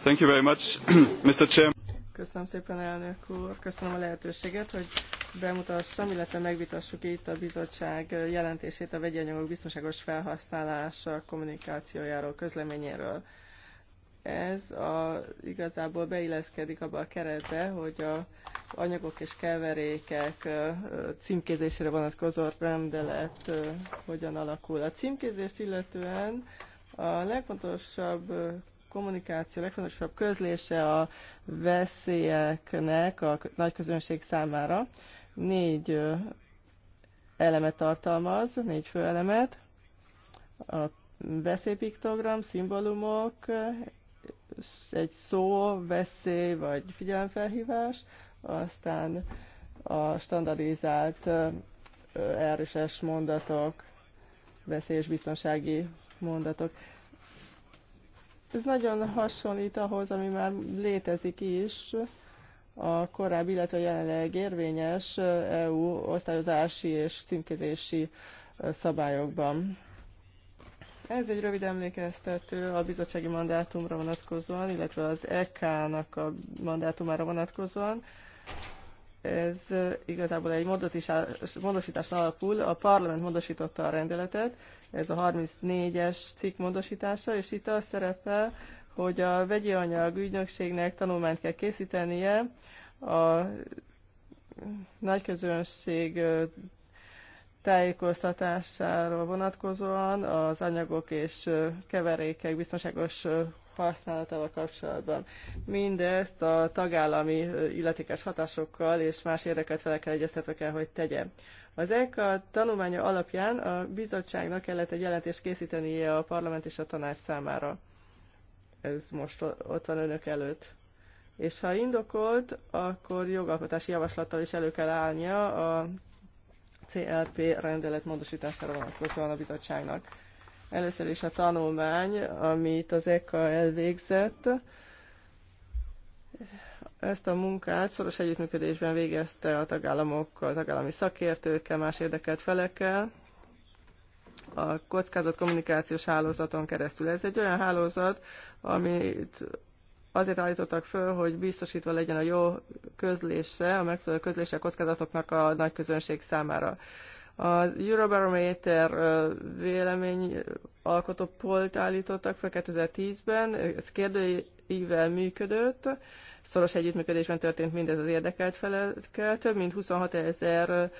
Speaker 1: Thank you very much, [CLEARS THROAT] Mr. Chairman.
Speaker 4: Köszönöm szépen,
Speaker 3: elnök úr. Köszönöm a lehetőséget, hogy bemutassam, illetve megvitassuk itt a bizottság jelentését a vegyi anyagok biztonságos felhasználása kommunikációjáról, közleményéről ez a, igazából beilleszkedik abba a keretbe, hogy a anyagok és keverékek címkézésére vonatkozó rendelet hogyan alakul. A címkézést illetően a legfontosabb kommunikáció legfontosabb közlése a veszélyeknek a nagy közönség számára. Négy elemet tartalmaz, négy fő elemet. A veszélypiktogram, szimbólumok, egy szó, veszély vagy figyelemfelhívás, aztán a standardizált erőses mondatok, veszélyes biztonsági mondatok. Ez nagyon hasonlít ahhoz, ami már létezik is, a korábbi, illetve jelenleg érvényes EU osztályozási és címkézési szabályokban. Ez egy rövid emlékeztető a bizottsági mandátumra vonatkozóan, illetve az EK-nak a mandátumára vonatkozóan. Ez igazából egy módosításon alapul. A parlament módosította a rendeletet, ez a 34-es cikk módosítása, és itt az szerepel, hogy a vegyi anyag ügynökségnek tanulmányt kell készítenie a nagyközönség tájékoztatásáról vonatkozóan az anyagok és keverékek biztonságos használatával kapcsolatban. Mindezt a tagállami illetékes hatásokkal és más érdeket fel kell egyeztetve kell, hogy tegye. Az ECA tanulmánya alapján a bizottságnak kellett egy jelentést készítenie a parlament és a tanács számára. Ez most ott van önök előtt. És ha indokolt, akkor jogalkotási javaslattal is elő kell állnia a CLP rendelet módosítására vonatkozóan a bizottságnak. Először is a tanulmány, amit az ECA elvégzett, ezt a munkát szoros együttműködésben végezte a tagállamokkal, a tagállami szakértőkkel, más érdekelt felekkel, a kockázat kommunikációs hálózaton keresztül. Ez egy olyan hálózat, amit azért állítottak föl, hogy biztosítva legyen a jó közlése, a megfelelő közlése a kockázatoknak a nagy közönség számára. A Eurobarometer vélemény polt állítottak fel 2010-ben, ez kérdőivel működött, szoros együttműködésben történt mindez az érdekelt felekkel, több mint 26 ezer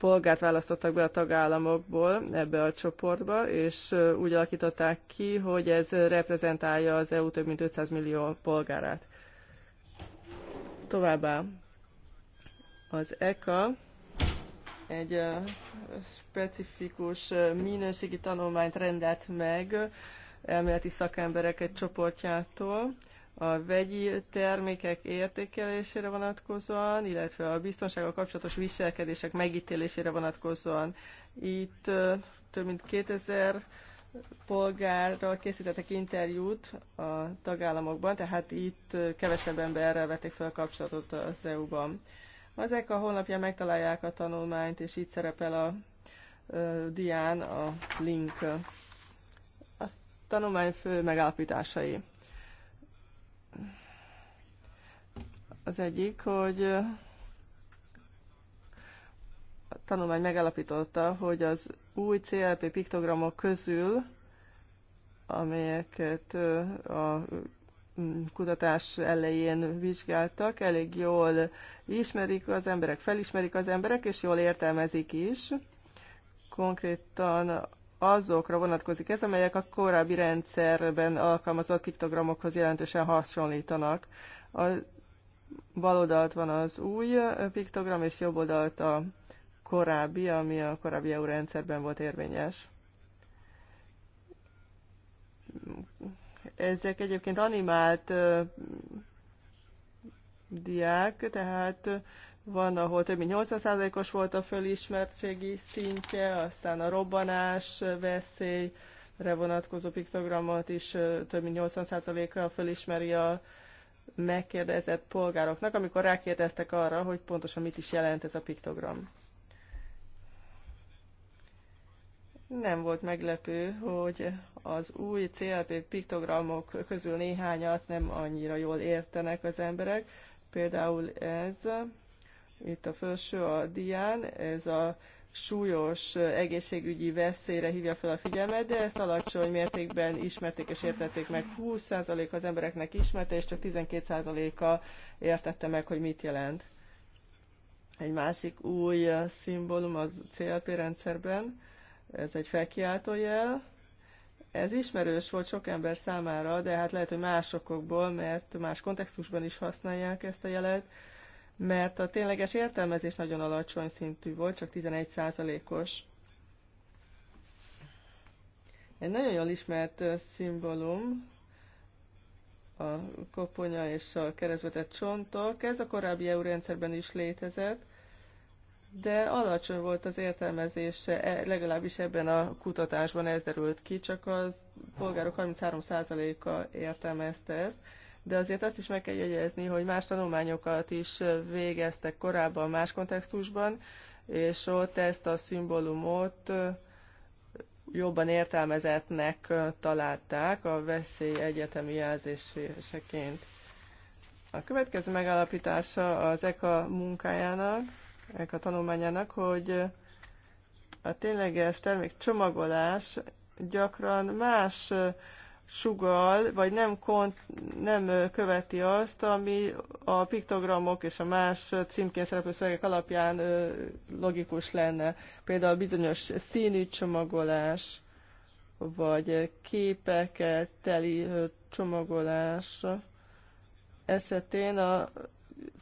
Speaker 3: polgárt választottak be a tagállamokból ebbe a csoportba, és úgy alakították ki, hogy ez reprezentálja az EU több mint 500 millió polgárát. Továbbá az ECA egy specifikus minőségi tanulmányt rendelt meg elméleti szakemberek egy csoportjától, a vegyi termékek értékelésére vonatkozóan, illetve a biztonsággal kapcsolatos viselkedések megítélésére vonatkozóan. Itt több mint 2000 polgárral készítettek interjút a tagállamokban, tehát itt kevesebb emberrel vették fel a kapcsolatot az EU-ban. Az a honlapján megtalálják a tanulmányt, és itt szerepel a, a dián a link. A tanulmány fő megállapításai az egyik, hogy a tanulmány megállapította, hogy az új CLP piktogramok közül, amelyeket a kutatás elején vizsgáltak, elég jól ismerik az emberek, felismerik az emberek, és jól értelmezik is. Konkrétan azokra vonatkozik ez, amelyek a korábbi rendszerben alkalmazott piktogramokhoz jelentősen hasonlítanak. A bal oldalt van az új piktogram, és jobb oldalt a korábbi, ami a korábbi EU rendszerben volt érvényes. Ezek egyébként animált diák, tehát van, ahol több mint 80%-os volt a fölismertségi szintje, aztán a robbanás veszélyre vonatkozó piktogramot is több mint 80%-a fölismeri a megkérdezett polgároknak, amikor rákérdeztek arra, hogy pontosan mit is jelent ez a piktogram. Nem volt meglepő, hogy az új CLP piktogramok közül néhányat nem annyira jól értenek az emberek. Például ez itt a felső a dián, ez a súlyos egészségügyi veszélyre hívja fel a figyelmet, de ezt alacsony mértékben ismerték és értették meg. 20% az embereknek ismerte, és csak 12%-a értette meg, hogy mit jelent. Egy másik új szimbólum az CLP rendszerben, ez egy felkiáltó jel. Ez ismerős volt sok ember számára, de hát lehet, hogy más mert más kontextusban is használják ezt a jelet mert a tényleges értelmezés nagyon alacsony szintű volt, csak 11 százalékos. Egy nagyon jól ismert szimbólum, a koponya és a keresztvetett csontok, ez a korábbi EU rendszerben is létezett, de alacsony volt az értelmezése, e, legalábbis ebben a kutatásban ez derült ki, csak a polgárok 33%-a értelmezte ezt, de azért azt is meg kell jegyezni, hogy más tanulmányokat is végeztek korábban más kontextusban, és ott ezt a szimbólumot jobban értelmezetnek találták a veszély egyetemi jelzéseként. A következő megállapítása az ECA munkájának, ECA tanulmányának, hogy a tényleges termékcsomagolás gyakran más sugal, vagy nem, kont, nem követi azt, ami a piktogramok és a más címként szereplő szövegek alapján logikus lenne. Például bizonyos színű csomagolás, vagy képekkel teli csomagolás esetén a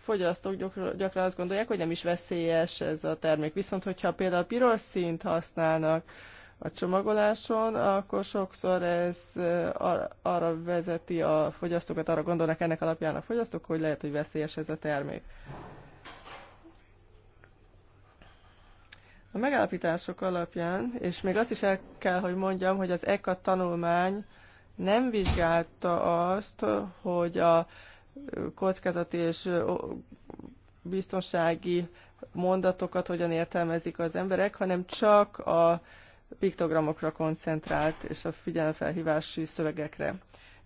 Speaker 3: fogyasztók gyakran azt gondolják, hogy nem is veszélyes ez a termék. Viszont, hogyha például piros színt használnak, a csomagoláson, akkor sokszor ez eh, arra vezeti a fogyasztókat, arra gondolnak ennek alapján a fogyasztók, hogy lehet, hogy veszélyes ez a termék. A megállapítások alapján, és még azt is el kell, hogy mondjam, hogy az ECA tanulmány nem vizsgálta azt, hogy a kockázati és biztonsági mondatokat hogyan értelmezik az emberek, hanem csak a piktogramokra koncentrált, és a figyelemfelhívási szövegekre.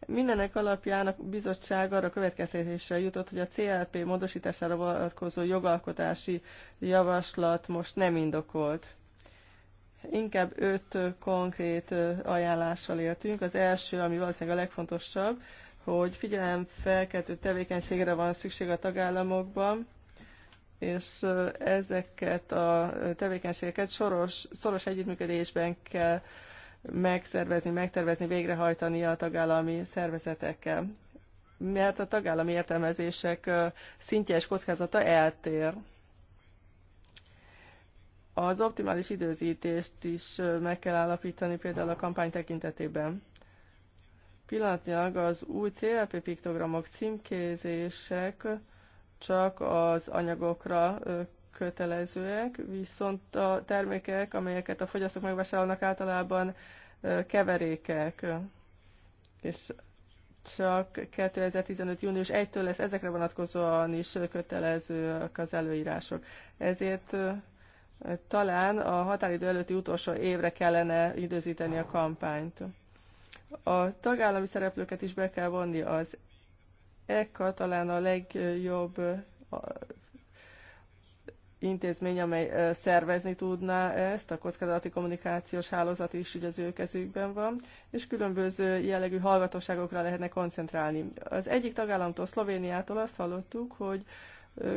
Speaker 3: Mindenek alapján a bizottság arra következtetésre jutott, hogy a CLP módosítására vonatkozó jogalkotási javaslat most nem indokolt. Inkább öt konkrét ajánlással éltünk. Az első, ami valószínűleg a legfontosabb, hogy figyelemfelkeltő felkeltő tevékenységre van szükség a tagállamokban, és ezeket a tevékenységeket soros, szoros együttműködésben kell megszervezni, megtervezni, végrehajtani a tagállami szervezetekkel. Mert a tagállami értelmezések szintje és kockázata eltér. Az optimális időzítést is meg kell állapítani például a kampány tekintetében. Pillanatnyilag az új CLP piktogramok címkézések csak az anyagokra kötelezőek, viszont a termékek, amelyeket a fogyasztók megvásárolnak, általában keverékek, és csak 2015. június 1-től lesz ezekre vonatkozóan is kötelezőek az előírások. Ezért talán a határidő előtti utolsó évre kellene időzíteni a kampányt. A tagállami szereplőket is be kell vonni az Ekkor talán a legjobb intézmény, amely szervezni tudná ezt, a kockázati kommunikációs hálózat is ugye az ő kezükben van, és különböző jellegű hallgatóságokra lehetne koncentrálni. Az egyik tagállamtól, Szlovéniától azt hallottuk, hogy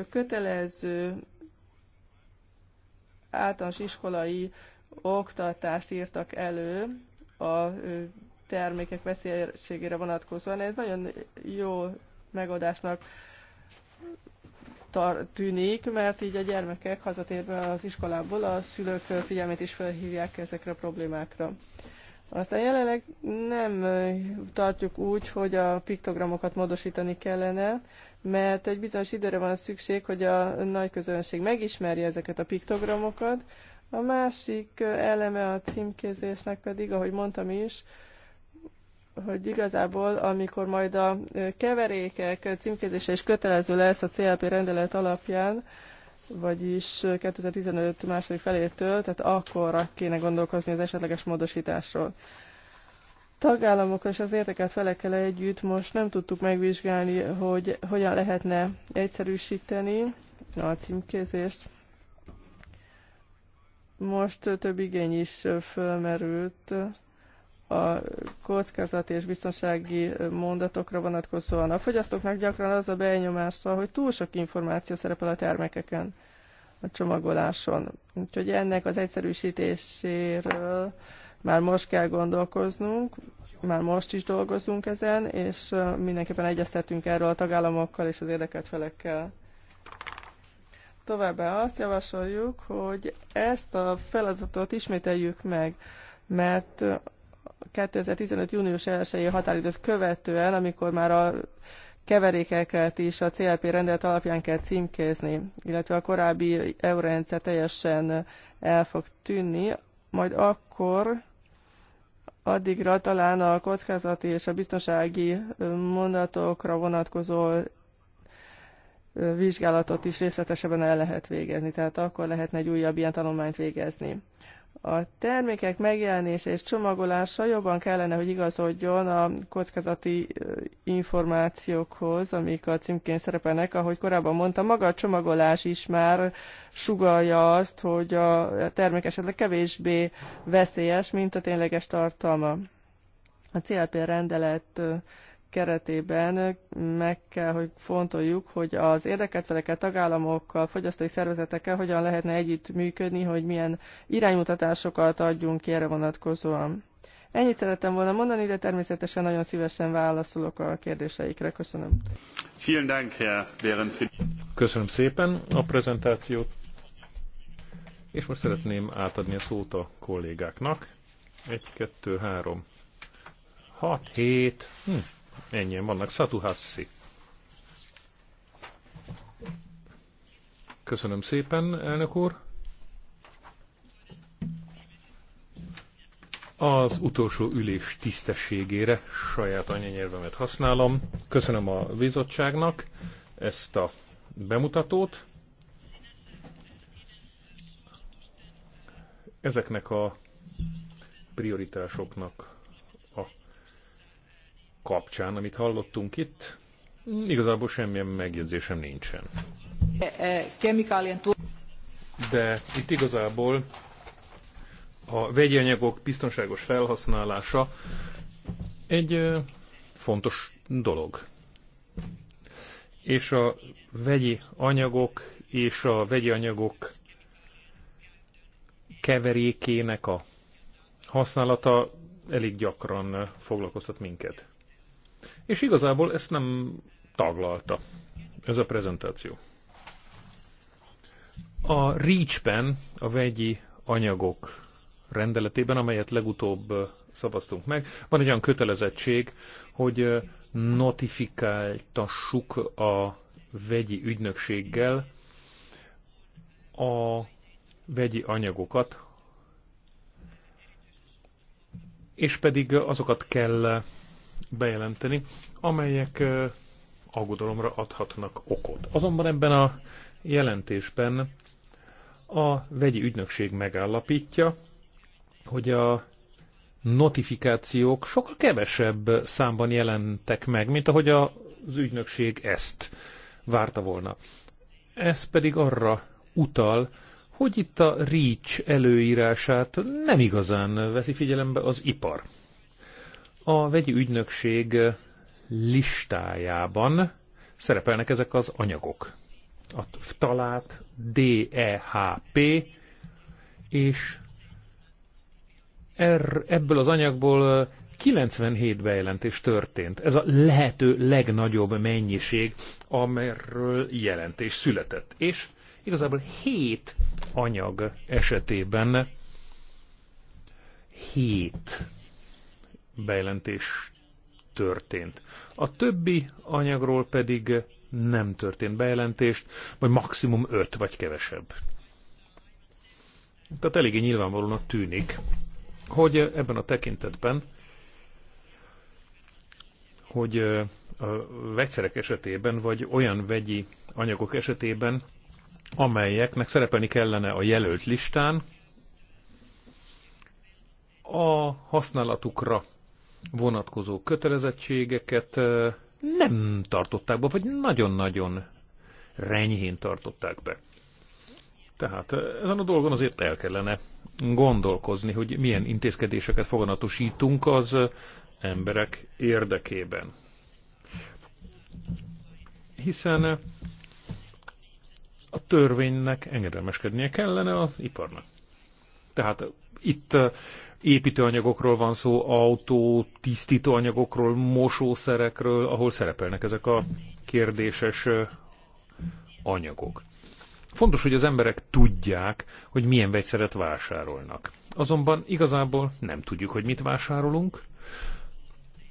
Speaker 3: kötelező általános iskolai oktatást írtak elő a termékek veszélyességére vonatkozóan. Ez nagyon jó megoldásnak tűnik, mert így a gyermekek hazatérve az iskolából a szülők figyelmét is felhívják ezekre a problémákra. Aztán jelenleg nem tartjuk úgy, hogy a piktogramokat módosítani kellene, mert egy bizonyos időre van szükség, hogy a nagy közönség megismerje ezeket a piktogramokat. A másik eleme a címkézésnek pedig, ahogy mondtam is, hogy igazából, amikor majd a keverékek címkézése is kötelező lesz a CLP rendelet alapján, vagyis 2015 második felétől, tehát akkor kéne gondolkozni az esetleges módosításról. Tagállamokkal és az érdekelt felekkel együtt most nem tudtuk megvizsgálni, hogy hogyan lehetne egyszerűsíteni a címkézést. Most több igény is fölmerült a kockázati és biztonsági mondatokra vonatkozóan. A fogyasztóknak gyakran az a benyomása, hogy túl sok információ szerepel a termékeken, a csomagoláson. Úgyhogy ennek az egyszerűsítéséről már most kell gondolkoznunk, már most is dolgozunk ezen, és mindenképpen egyeztetünk erről a tagállamokkal és az érdekelt felekkel. Továbbá azt javasoljuk, hogy ezt a feladatot ismételjük meg, mert 2015. június 1 határidőt követően, amikor már a keverékeket is a CLP rendelet alapján kell címkézni, illetve a korábbi eurórendszer teljesen el fog tűnni, majd akkor addigra talán a kockázati és a biztonsági mondatokra vonatkozó vizsgálatot is részletesebben el lehet végezni, tehát akkor lehetne egy újabb ilyen tanulmányt végezni. A termékek megjelenése és csomagolása jobban kellene, hogy igazodjon a kockázati információkhoz, amik a címkén szerepelnek. Ahogy korábban mondtam, maga a csomagolás is már sugalja azt, hogy a termék esetleg kevésbé veszélyes, mint a tényleges tartalma. A CLP rendelet keretében meg kell, hogy fontoljuk, hogy az érdekelt feleket, tagállamokkal, fogyasztói szervezetekkel hogyan lehetne együtt működni, hogy milyen iránymutatásokat adjunk ki erre vonatkozóan. Ennyit szerettem volna mondani, de természetesen nagyon szívesen válaszolok a kérdéseikre. Köszönöm.
Speaker 2: Köszönöm szépen a prezentációt. És most szeretném átadni a szót a kollégáknak. Egy, kettő, három, hat, hét. Hm ennyien vannak. Szatuhassi. Köszönöm szépen, elnök úr. Az utolsó ülés tisztességére saját anyanyelvemet használom. Köszönöm a bizottságnak ezt a bemutatót. Ezeknek a prioritásoknak kapcsán, amit hallottunk itt, igazából semmilyen megjegyzésem nincsen. De itt igazából a vegyi anyagok biztonságos felhasználása egy fontos dolog. És a vegyi anyagok és a vegyi anyagok keverékének a használata elég gyakran foglalkoztat minket. És igazából ezt nem taglalta ez a prezentáció. A REACH-ben, a vegyi anyagok rendeletében, amelyet legutóbb szavaztunk meg, van egy olyan kötelezettség, hogy notifikáltassuk a vegyi ügynökséggel a vegyi anyagokat, és pedig azokat kell bejelenteni, amelyek aggodalomra adhatnak okot. Azonban ebben a jelentésben a vegyi ügynökség megállapítja, hogy a notifikációk sokkal kevesebb számban jelentek meg, mint ahogy az ügynökség ezt várta volna. Ez pedig arra utal, hogy itt a REACH előírását nem igazán veszi figyelembe az ipar. A vegyi ügynökség listájában szerepelnek ezek az anyagok. A ftalát, DEHP, és er, ebből az anyagból 97 bejelentés történt. Ez a lehető legnagyobb mennyiség, amerről jelentés született. És igazából 7 anyag esetében 7 bejelentés történt. A többi anyagról pedig nem történt bejelentést, vagy maximum öt vagy kevesebb. Tehát eléggé nyilvánvalónak tűnik, hogy ebben a tekintetben, hogy a vegyszerek esetében, vagy olyan vegyi anyagok esetében, amelyeknek szerepelni kellene a jelölt listán, a használatukra vonatkozó kötelezettségeket nem tartották be, vagy nagyon-nagyon renyhén tartották be. Tehát ezen a dolgon azért el kellene gondolkozni, hogy milyen intézkedéseket foganatosítunk az emberek érdekében. Hiszen a törvénynek engedelmeskednie kellene az iparnak. Tehát itt építőanyagokról van szó, autó, tisztítóanyagokról, mosószerekről, ahol szerepelnek ezek a kérdéses anyagok. Fontos, hogy az emberek tudják, hogy milyen vegyszeret vásárolnak. Azonban igazából nem tudjuk, hogy mit vásárolunk.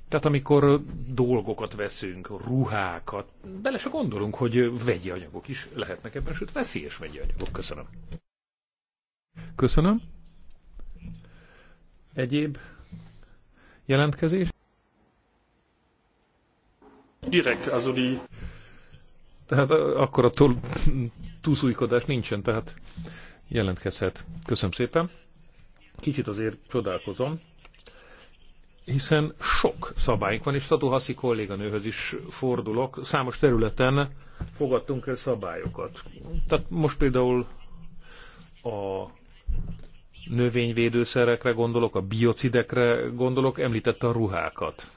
Speaker 2: Tehát amikor dolgokat veszünk, ruhákat, bele se gondolunk, hogy vegyi anyagok is lehetnek ebben, sőt veszélyes vegyi anyagok. Köszönöm. Köszönöm. Egyéb jelentkezés?
Speaker 1: Direkt, az die...
Speaker 2: Tehát akkor a túlszújkodás nincsen, tehát jelentkezhet. Köszönöm szépen. Kicsit azért csodálkozom, hiszen sok szabályunk van, és Szató Haszi kolléganőhöz is fordulok. Számos területen fogadtunk el szabályokat. Tehát most például a növényvédőszerekre gondolok, a biocidekre gondolok, említette a ruhákat,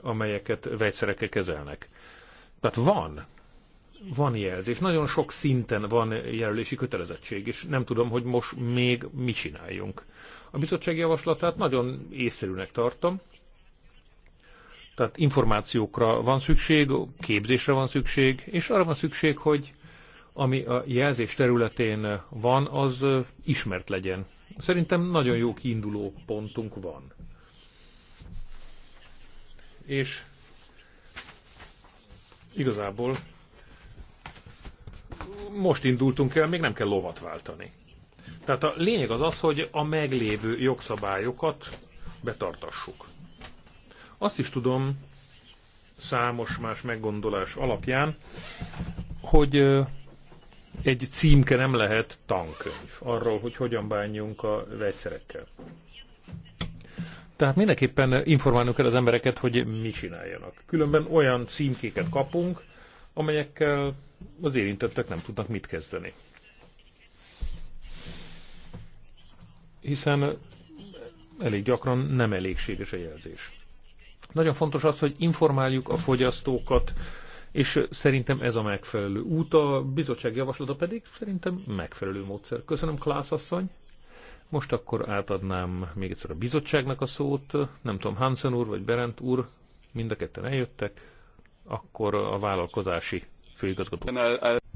Speaker 2: amelyeket vegyszerekkel kezelnek. Tehát van, van jelzés, nagyon sok szinten van jelölési kötelezettség, és nem tudom, hogy most még mi csináljunk. A bizottság javaslatát nagyon észszerűnek tartom, tehát információkra van szükség, képzésre van szükség, és arra van szükség, hogy ami a jelzés területén van, az ismert legyen. Szerintem nagyon jó kiinduló pontunk van. És igazából most indultunk el, még nem kell lovat váltani. Tehát a lényeg az az, hogy a meglévő jogszabályokat betartassuk. Azt is tudom, számos más meggondolás alapján, hogy egy címke nem lehet tankönyv arról, hogy hogyan bánjunk a vegyszerekkel. Tehát mindenképpen informálnunk kell az embereket, hogy mi csináljanak. Különben olyan címkéket kapunk, amelyekkel az érintettek nem tudnak mit kezdeni. Hiszen elég gyakran nem elégséges a jelzés. Nagyon fontos az, hogy informáljuk a fogyasztókat és szerintem ez a megfelelő út, a bizottság javaslata pedig szerintem megfelelő módszer. Köszönöm, Klász asszony. Most akkor átadnám még egyszer a bizottságnak a szót. Nem tudom, Hansen úr vagy Berent úr, mind a ketten eljöttek. Akkor a vállalkozási
Speaker 1: főigazgató.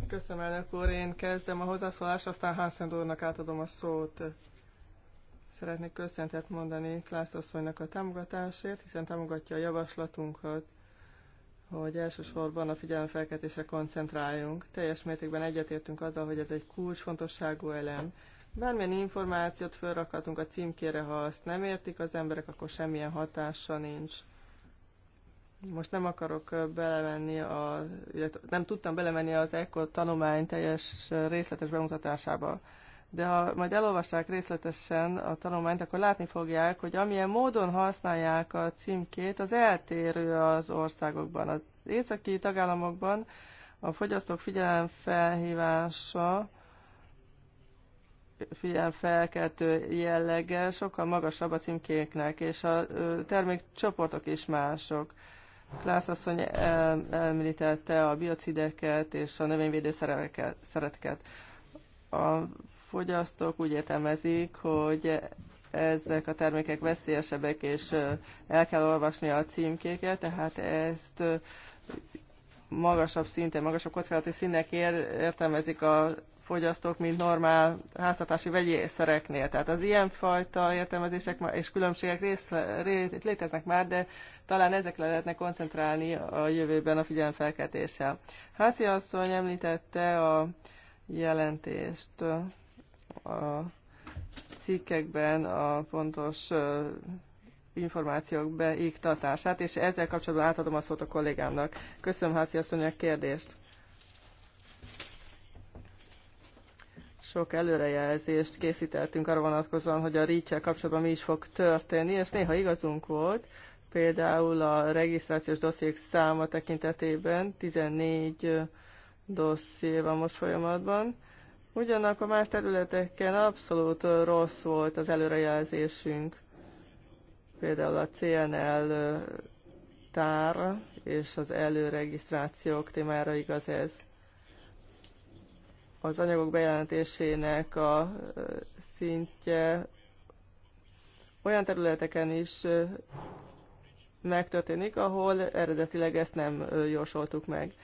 Speaker 3: Köszönöm, elnök úr. Én kezdem a hozzászólást, aztán Hansen úrnak átadom a szót. Szeretnék köszöntet mondani Klász asszonynak a támogatásért, hiszen támogatja a javaslatunkat hogy elsősorban a figyelemfelkeltésre koncentráljunk. Teljes mértékben egyetértünk azzal, hogy ez egy kulcsfontosságú elem. Bármilyen információt felrakhatunk a címkére, ha azt nem értik az emberek, akkor semmilyen hatása nincs. Most nem akarok belemenni, a, illetve nem tudtam belemenni az ECO tanulmány teljes részletes bemutatásába de ha majd elolvassák részletesen a tanulmányt, akkor látni fogják, hogy amilyen módon használják a címkét, az eltérő az országokban. Az északi tagállamokban a fogyasztók figyelem felkeltő jellege sokkal magasabb a címkéknek, és a termékcsoportok is mások. Klász asszony el, említette a biocideket és a növényvédőszereket. A fogyasztók úgy értelmezik, hogy ezek a termékek veszélyesebbek, és el kell olvasni a címkéket, tehát ezt magasabb szinten, magasabb kockázati színnek ér, értelmezik a fogyasztók, mint normál háztartási vegyészereknél. Tehát az ilyenfajta értelmezések és különbségek rész, rész, léteznek már, de talán ezekre lehetne koncentrálni a jövőben a figyelemfelkeltéssel. Hászi asszony említette a jelentést a cikkekben a pontos információk beiktatását, és ezzel kapcsolatban átadom a szót a kollégámnak. Köszönöm, házi asszony, a kérdést. Sok előrejelzést készítettünk arra vonatkozóan, hogy a reach kapcsolatban mi is fog történni, és néha igazunk volt, például a regisztrációs dossziék száma tekintetében 14 dosszié van most folyamatban, Ugyanakkor más területeken abszolút rossz volt az előrejelzésünk, például a CNL tár és az előregisztrációk témára igaz ez. Az anyagok bejelentésének a szintje olyan területeken is megtörténik, ahol eredetileg ezt nem jósoltuk meg.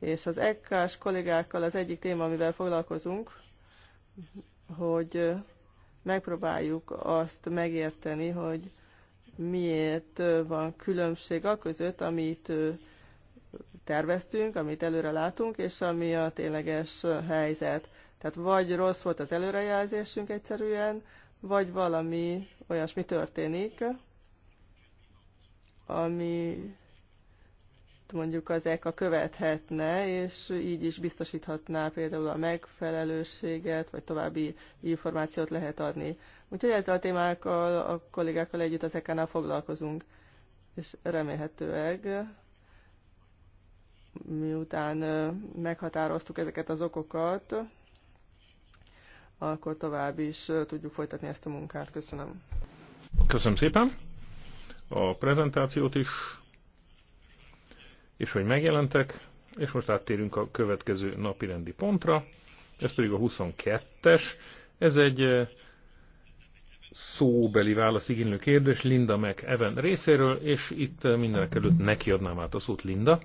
Speaker 3: És az EKS kollégákkal az egyik téma, amivel foglalkozunk, hogy megpróbáljuk azt megérteni, hogy miért van különbség a között, amit terveztünk, amit előre látunk, és ami a tényleges helyzet. Tehát vagy rossz volt az előrejelzésünk egyszerűen, vagy valami olyasmi történik, ami mondjuk az ECA követhetne, és így is biztosíthatná például a megfelelősséget, vagy további információt lehet adni. Úgyhogy ezzel a témákkal a kollégákkal együtt az ECA-nál foglalkozunk, és remélhetőleg miután meghatároztuk ezeket az okokat, akkor tovább is tudjuk folytatni ezt a munkát. Köszönöm.
Speaker 2: Köszönöm szépen a prezentációt is és hogy megjelentek, és most áttérünk a következő napi rendi pontra, ez pedig a 22-es, ez egy eh, szóbeli válaszigénylő kérdés Linda meg Evan részéről, és itt eh, mindenek előtt nekiadnám át a szót Linda.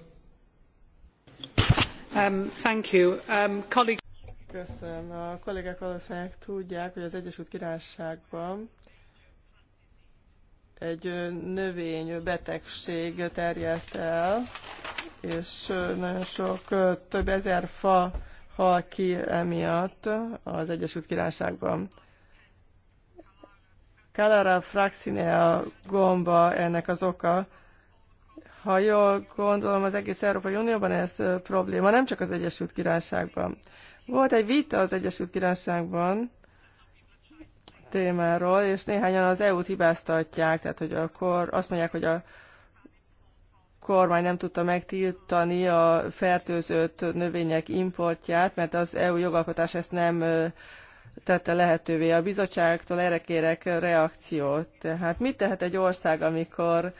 Speaker 3: Um, thank you. Um, colleague... Köszönöm. A kollégák valószínűleg tudják, hogy az Egyesült Királyságban egy növény betegség terjedt el, és nagyon sok, több ezer fa hal ki emiatt az Egyesült Királyságban. Calara fraxinea gomba ennek az oka. Ha jól gondolom, az egész Európai Unióban ez probléma, nem csak az Egyesült Királyságban. Volt egy vita az Egyesült Királyságban, témáról, és néhányan az EU-t hibáztatják, tehát hogy akkor azt mondják, hogy a kormány nem tudta megtiltani a fertőzött növények importját, mert az EU jogalkotás ezt nem tette lehetővé. A bizottságtól erre kérek reakciót. Tehát mit tehet egy ország, amikor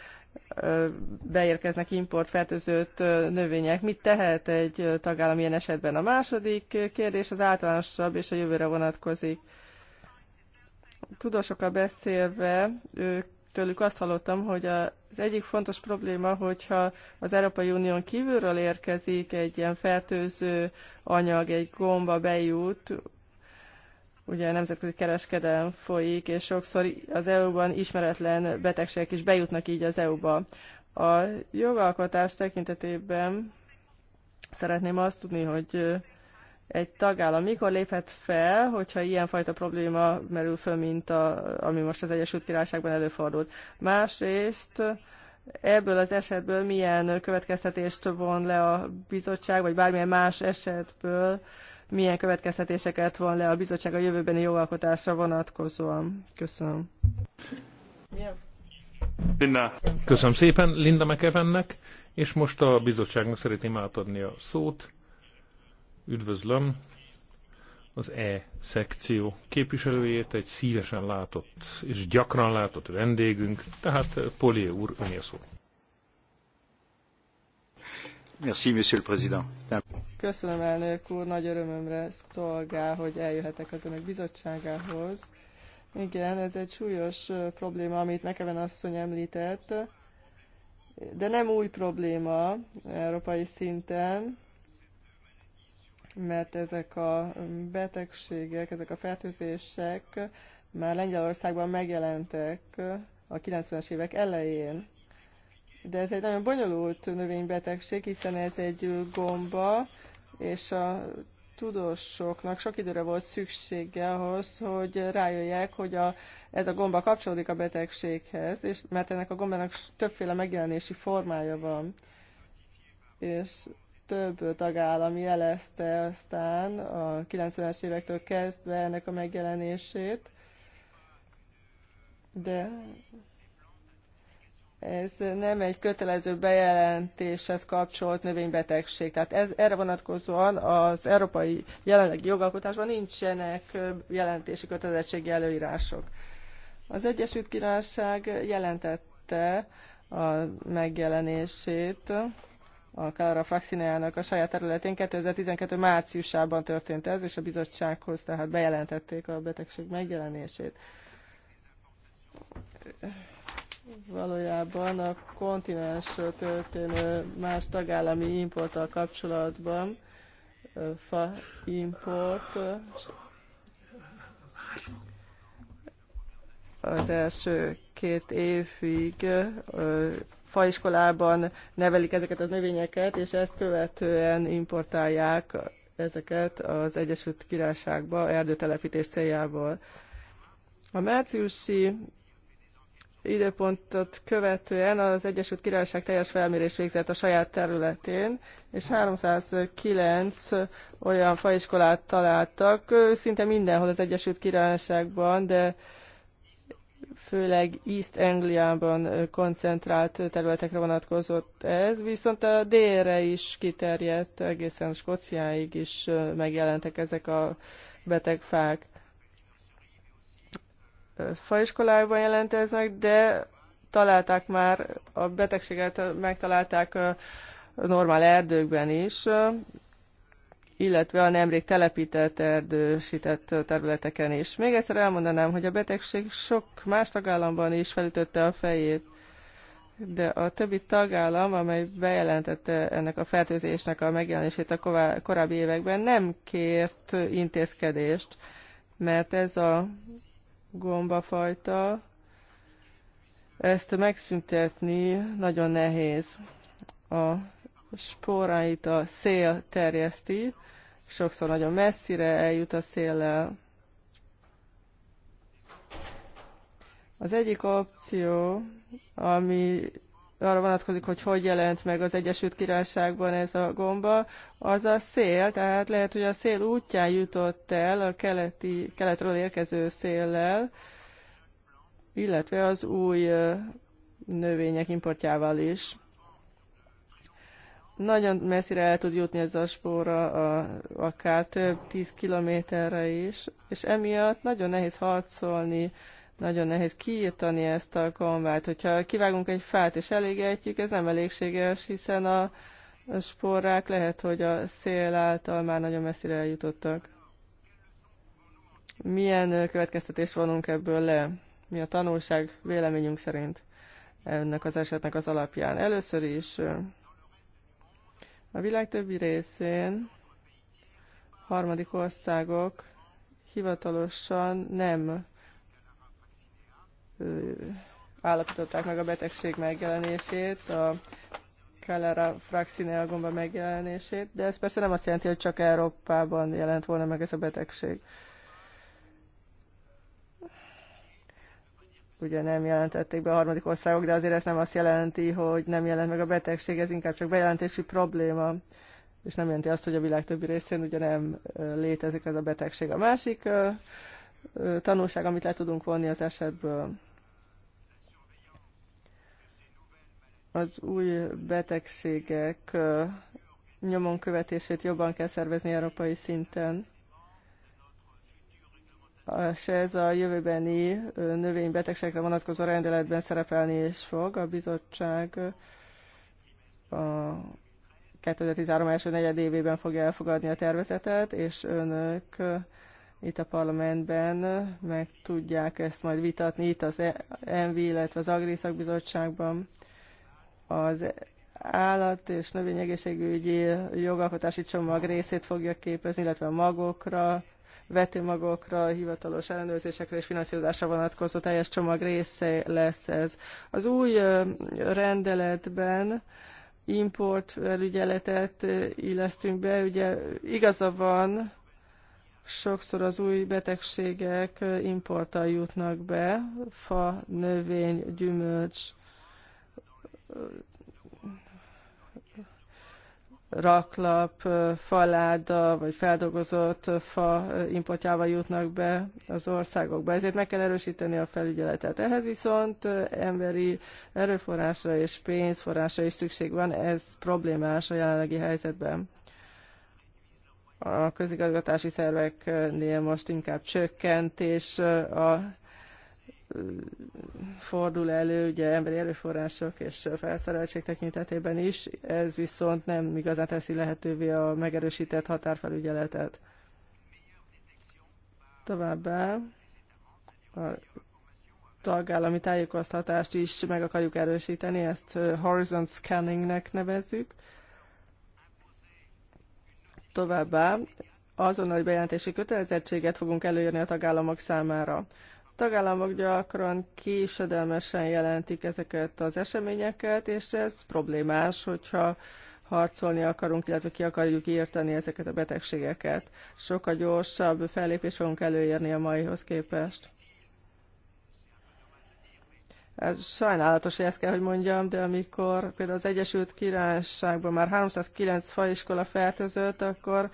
Speaker 3: beérkeznek import fertőzött növények. Mit tehet egy tagállam ilyen esetben? A második kérdés az általánosabb és a jövőre vonatkozik tudósokkal beszélve, ők tőlük azt hallottam, hogy az egyik fontos probléma, hogyha az Európai Unión kívülről érkezik egy ilyen fertőző anyag, egy gomba bejut, ugye nemzetközi kereskedelem folyik, és sokszor az EU-ban ismeretlen betegségek is bejutnak így az EU-ba. A jogalkotás tekintetében szeretném azt tudni, hogy egy tagállam mikor léphet fel, hogyha ilyenfajta probléma merül föl, mint a, ami most az Egyesült Királyságban előfordult. Másrészt ebből az esetből milyen következtetést von le a bizottság, vagy bármilyen más esetből milyen következtetéseket von le a bizottság a jövőbeni jogalkotásra vonatkozóan. Köszönöm.
Speaker 1: Linda.
Speaker 2: Köszönöm szépen Linda McEvennek, és most a bizottságnak szeretném átadni a szót. Üdvözlöm az E szekció képviselőjét, egy szívesen látott és gyakran látott vendégünk, tehát Polié úr, önél szó. Merci, monsieur le président.
Speaker 3: Köszönöm, elnök úr, nagy örömömre szolgál, hogy eljöhetek az önök bizottságához. Igen, ez egy súlyos probléma, amit Mekeven asszony említett, de nem új probléma európai szinten, mert ezek a betegségek, ezek a fertőzések már Lengyelországban megjelentek a 90-es évek elején. De ez egy nagyon bonyolult növénybetegség, hiszen ez egy gomba, és a tudósoknak sok időre volt szüksége ahhoz, hogy rájöjjek, hogy a, ez a gomba kapcsolódik a betegséghez, és mert ennek a gombának többféle megjelenési formája van. És több tagállam jelezte aztán a 90-es évektől kezdve ennek a megjelenését, de ez nem egy kötelező bejelentéshez kapcsolt növénybetegség. Tehát ez, erre vonatkozóan az európai jelenlegi jogalkotásban nincsenek jelentési kötelezettségi előírások. Az Egyesült Királyság jelentette a megjelenését a Kalara Fraxineának a saját területén. 2012. márciusában történt ez, és a bizottsághoz tehát bejelentették a betegség megjelenését. Valójában a kontinensről történő más tagállami importtal kapcsolatban fa import az első két évig faiskolában nevelik ezeket a növényeket, és ezt követően importálják ezeket az Egyesült Királyságba erdőtelepítés céljából. A márciusi időpontot követően az Egyesült Királyság teljes felmérés végzett a saját területén, és 309 olyan faiskolát találtak, szinte mindenhol az Egyesült Királyságban, de főleg East Angliában koncentrált területekre vonatkozott ez, viszont a délre is kiterjedt, egészen Skóciáig is megjelentek ezek a betegfák. Faiskolákban jelent ez meg, de találták már, a betegséget megtalálták normál erdőkben is, illetve a nemrég telepített, erdősített területeken is. Még egyszer elmondanám, hogy a betegség sok más tagállamban is felütötte a fejét, de a többi tagállam, amely bejelentette ennek a fertőzésnek a megjelenését a korábbi években, nem kért intézkedést, mert ez a gombafajta, ezt megszüntetni nagyon nehéz. A spóráit a szél terjeszti, sokszor nagyon messzire eljut a széllel. Az egyik opció, ami arra vonatkozik, hogy hogy jelent meg az Egyesült Királyságban ez a gomba, az a szél, tehát lehet, hogy a szél útján jutott el a keleti, keletről érkező széllel, illetve az új növények importjával is. Nagyon messzire el tud jutni ez a spóra, a, akár több tíz kilométerre is, és emiatt nagyon nehéz harcolni, nagyon nehéz kiirtani ezt a gombát. Hogyha kivágunk egy fát és elégetjük, ez nem elégséges, hiszen a sporrák lehet, hogy a szél által már nagyon messzire eljutottak. Milyen következtetést vonunk ebből le? Mi a tanulság véleményünk szerint ennek az esetnek az alapján? Először is a világ többi részén harmadik országok hivatalosan nem ö, állapították meg a betegség megjelenését, a Kellera fraxinea gomba megjelenését, de ez persze nem azt jelenti, hogy csak Európában jelent volna meg ez a betegség. ugye nem jelentették be a harmadik országok, de azért ez nem azt jelenti, hogy nem jelent meg a betegség, ez inkább csak bejelentési probléma, és nem jelenti azt, hogy a világ többi részén ugye nem létezik ez a betegség. A másik tanulság, amit le tudunk vonni az esetből, az új betegségek nyomon követését jobban kell szervezni európai szinten és ez a jövőbeni növénybetegségre vonatkozó rendeletben szerepelni is fog. A bizottság a 2013 első negyedévében fogja elfogadni a tervezetet, és önök itt a parlamentben meg tudják ezt majd vitatni, itt az e- ENVI, illetve az Agri Szakbizottságban az állat és növényegészségügyi jogalkotási csomag részét fogja képezni, illetve a magokra, vetőmagokra, hivatalos ellenőrzésekre és finanszírozásra vonatkozó teljes csomag része lesz ez. Az új rendeletben import felügyeletet illesztünk be, ugye igaza van, sokszor az új betegségek importtal jutnak be, fa, növény, gyümölcs, raklap, faláda vagy feldolgozott fa importjával jutnak be az országokba. Ezért meg kell erősíteni a felügyeletet. Ehhez viszont emberi erőforrásra és pénzforrásra is szükség van, ez problémás a jelenlegi helyzetben. A közigazgatási szerveknél most inkább csökkentés a fordul elő, ugye emberi erőforrások és felszereltség tekintetében is, ez viszont nem igazán teszi lehetővé a megerősített határfelügyeletet. Továbbá a tagállami tájékoztatást is meg akarjuk erősíteni, ezt horizon scanningnek nevezzük. Továbbá azonnali bejelentési kötelezettséget fogunk előírni a tagállamok számára tagállamok gyakran késedelmesen jelentik ezeket az eseményeket, és ez problémás, hogyha harcolni akarunk, illetve ki akarjuk írtani ezeket a betegségeket. Sokkal gyorsabb fellépés fogunk előírni a maihoz képest. Ez sajnálatos, hogy ezt kell, hogy mondjam, de amikor például az Egyesült Királyságban már 309 faiskola fertőzött, akkor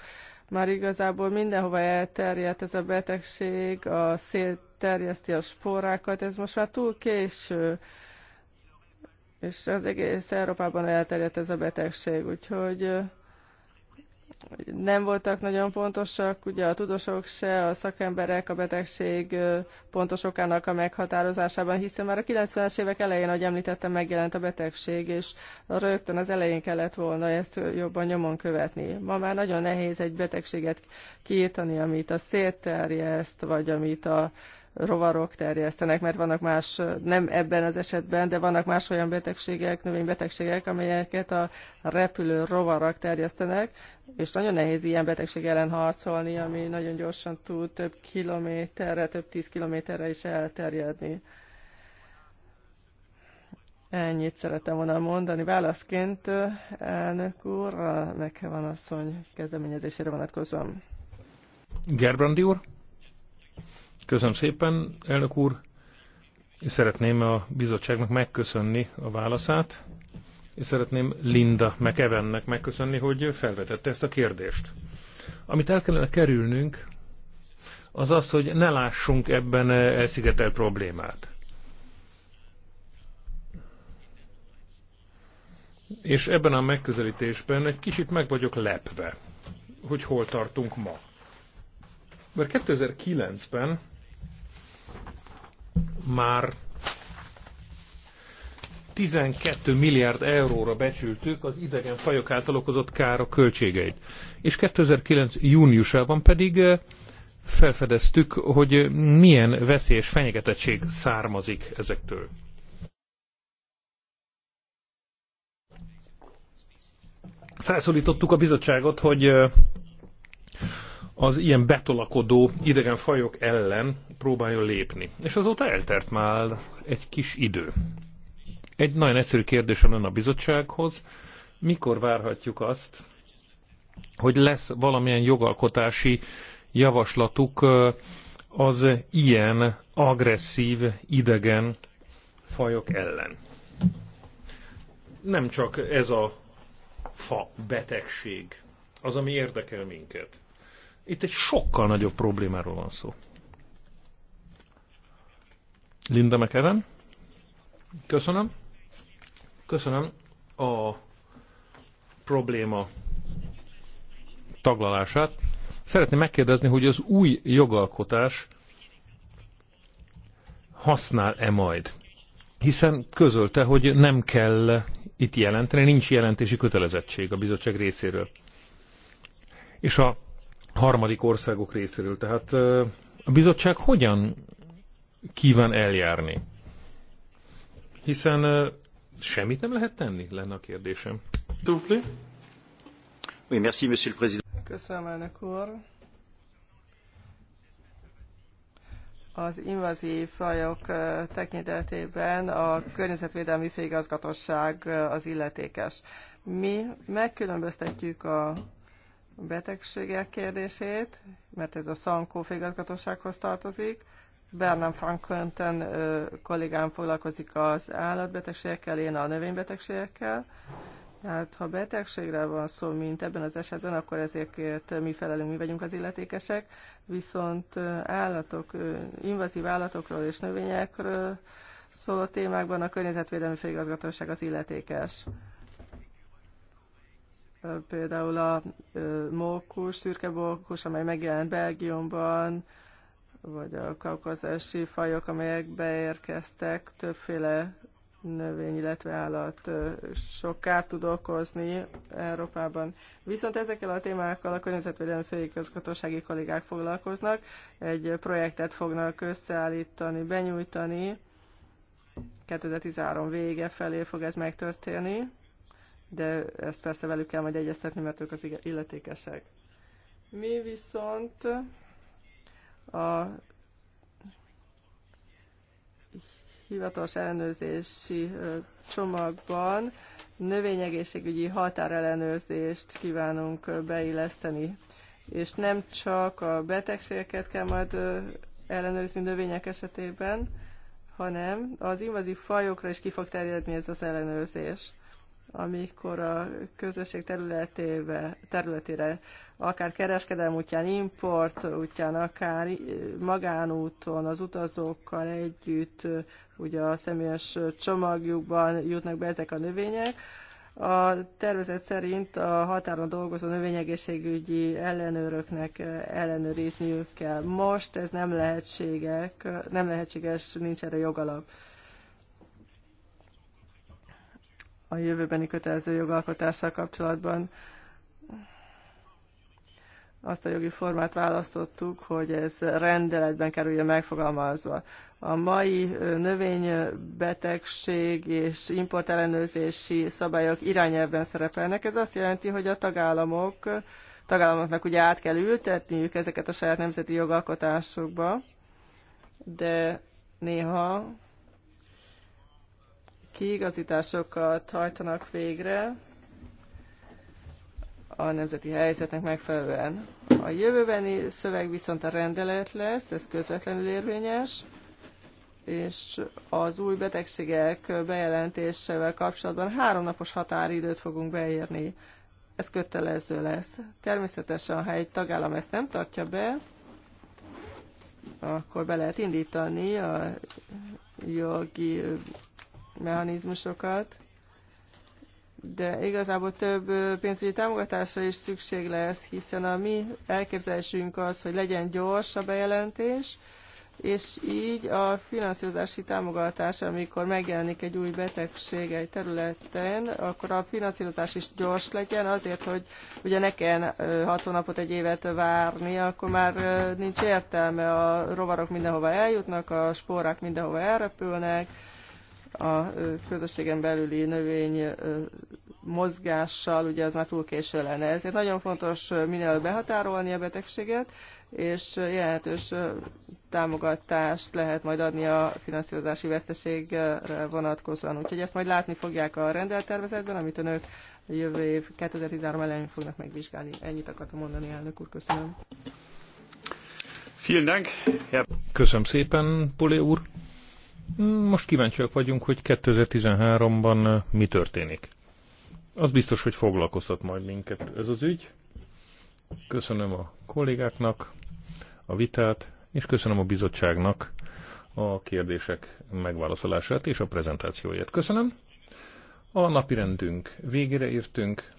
Speaker 3: már igazából mindenhova elterjedt ez a betegség, a szét terjeszti a spórákat, ez most már túl késő, és az egész Európában elterjedt ez a betegség, úgyhogy nem voltak nagyon pontosak, ugye a tudósok se, a szakemberek a betegség pontos okának a meghatározásában, hiszen már a 90-es évek elején, ahogy említettem, megjelent a betegség, és rögtön az elején kellett volna ezt jobban nyomon követni. Ma már nagyon nehéz egy betegséget kiírtani, amit a szétterjeszt, vagy amit a rovarok terjesztenek, mert vannak más, nem ebben az esetben, de vannak más olyan betegségek, növénybetegségek, amelyeket a repülő rovarak terjesztenek, és nagyon nehéz ilyen betegség ellen harcolni, ami nagyon gyorsan tud több kilométerre, több tíz kilométerre is elterjedni. Ennyit szeretem volna mondani. Válaszként elnök úr, a van asszony kezdeményezésére vonatkozom.
Speaker 2: Gerbrandi úr? Köszönöm szépen, elnök úr, és szeretném a bizottságnak megköszönni a válaszát, és szeretném Linda McEvennek megköszönni, hogy felvetette ezt a kérdést. Amit el kellene kerülnünk, az az, hogy ne lássunk ebben elszigetelt problémát. És ebben a megközelítésben egy kicsit meg vagyok lepve, hogy hol tartunk ma. Mert 2009-ben már 12 milliárd euróra becsültük az idegen fajok által okozott kára költségeit. És 2009. júniusában pedig eh, felfedeztük, hogy milyen veszélyes fenyegetettség származik ezektől. Felszólítottuk a bizottságot, hogy eh, az ilyen betolakodó idegen fajok ellen próbáljon lépni. És azóta eltert már egy kis idő. Egy nagyon egyszerű kérdésem ön a bizottsághoz. Mikor várhatjuk azt, hogy lesz valamilyen jogalkotási javaslatuk az ilyen agresszív idegen fajok ellen? Nem csak ez a fa betegség az, ami érdekel minket itt egy sokkal nagyobb problémáról van szó. Linda McEwen, köszönöm. Köszönöm a probléma taglalását. Szeretném megkérdezni, hogy az új jogalkotás használ-e majd? Hiszen közölte, hogy nem kell itt jelenteni, nincs jelentési kötelezettség a bizottság részéről. És a harmadik országok részéről. Tehát a bizottság hogyan kíván eljárni? Hiszen semmit nem lehet tenni, lenne a kérdésem. Dupli. Oui, merci, monsieur le président.
Speaker 3: Köszönöm, elnök úr. Az invazív fajok tekintetében a Környezetvédelmi Főigazgatóság az illetékes. Mi megkülönböztetjük a betegségek kérdését, mert ez a Szankó főigazgatósághoz tartozik. Bernard Frankönten kollégám foglalkozik az állatbetegségekkel, én a növénybetegségekkel. Tehát ha betegségre van szó, mint ebben az esetben, akkor ezért mi felelünk, mi vagyunk az illetékesek, viszont állatok, invazív állatokról és növényekről szóló témákban a Környezetvédelmi Főigazgatóság az illetékes. Például a mókus, szürke mókus, amely megjelent Belgiumban, vagy a kaukazási fajok, amelyek beérkeztek, többféle növény, illetve állat sok kárt tud okozni Európában. Viszont ezekkel a témákkal a környezetvédelmi főigazgatósági kollégák foglalkoznak. Egy projektet fognak összeállítani, benyújtani. 2013 vége felé fog ez megtörténni de ezt persze velük kell majd egyeztetni, mert ők az illetékesek. Mi viszont a hivatalos ellenőrzési csomagban növényegészségügyi határellenőrzést kívánunk beilleszteni, és nem csak a betegségeket kell majd ellenőrizni növények esetében, hanem az invazív fajokra is ki fog terjedni ez az ellenőrzés amikor a közösség területébe, területére akár kereskedelm útján, import útján, akár magánúton az utazókkal együtt, ugye a személyes csomagjukban jutnak be ezek a növények. A tervezet szerint a határon dolgozó növényegészségügyi ellenőröknek ellenőrizniük kell. Most ez nem lehetséges, nem lehetséges, nincs erre jogalap a jövőbeni kötelező jogalkotással kapcsolatban. Azt a jogi formát választottuk, hogy ez rendeletben kerüljön megfogalmazva. A mai növénybetegség és importellenőrzési szabályok irányelvben szerepelnek. Ez azt jelenti, hogy a tagállamok tagállamoknak ugye át kell ültetniük ezeket a saját nemzeti jogalkotásokba, de néha kiigazításokat hajtanak végre a nemzeti helyzetnek megfelelően. A jövőbeni szöveg viszont a rendelet lesz, ez közvetlenül érvényes, és az új betegségek bejelentésével kapcsolatban háromnapos határidőt fogunk beírni. Ez kötelező lesz. Természetesen, ha egy tagállam ezt nem tartja be, akkor be lehet indítani a jogi mechanizmusokat, de igazából több pénzügyi támogatásra is szükség lesz, hiszen a mi elképzelésünk az, hogy legyen gyors a bejelentés, és így a finanszírozási támogatás, amikor megjelenik egy új betegség egy területen, akkor a finanszírozás is gyors legyen, azért, hogy ugye ne kell hat hónapot, egy évet várni, akkor már nincs értelme, a rovarok mindenhova eljutnak, a spórák mindenhova elrepülnek, a közösségen belüli növény mozgással, ugye az már túl késő lenne. Ezért nagyon fontos minél behatárolni a betegséget, és jelentős támogatást lehet majd adni a finanszírozási veszteségre vonatkozóan. Úgyhogy ezt majd látni fogják a rendeltervezetben, amit önök jövő év 2013 elején fognak megvizsgálni. Ennyit akartam mondani, elnök úr, köszönöm.
Speaker 1: Köszönöm
Speaker 2: szépen, Pulé úr. Most kíváncsiak vagyunk, hogy 2013-ban eh, mi történik. Az biztos, hogy foglalkoztat majd minket ez az ügy. Köszönöm a kollégáknak a vitát, és köszönöm a bizottságnak a kérdések megválaszolását és a prezentációját. Köszönöm. A napirendünk végére értünk.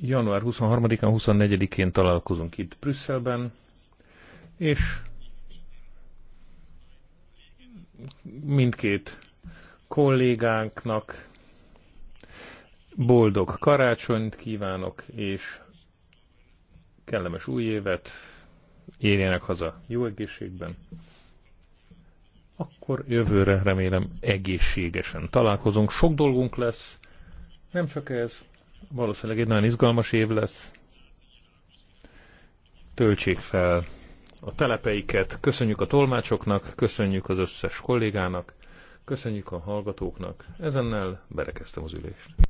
Speaker 2: Január 23-án, 24-én találkozunk itt Brüsszelben, és mindkét kollégánknak boldog karácsonyt kívánok, és kellemes új évet, érjenek haza jó egészségben. Akkor jövőre remélem egészségesen találkozunk. Sok dolgunk lesz, nem csak ez, valószínűleg egy nagyon izgalmas év lesz. Töltsék fel a telepeiket, köszönjük a tolmácsoknak, köszönjük az összes kollégának, köszönjük a hallgatóknak. Ezennel berekeztem az ülést.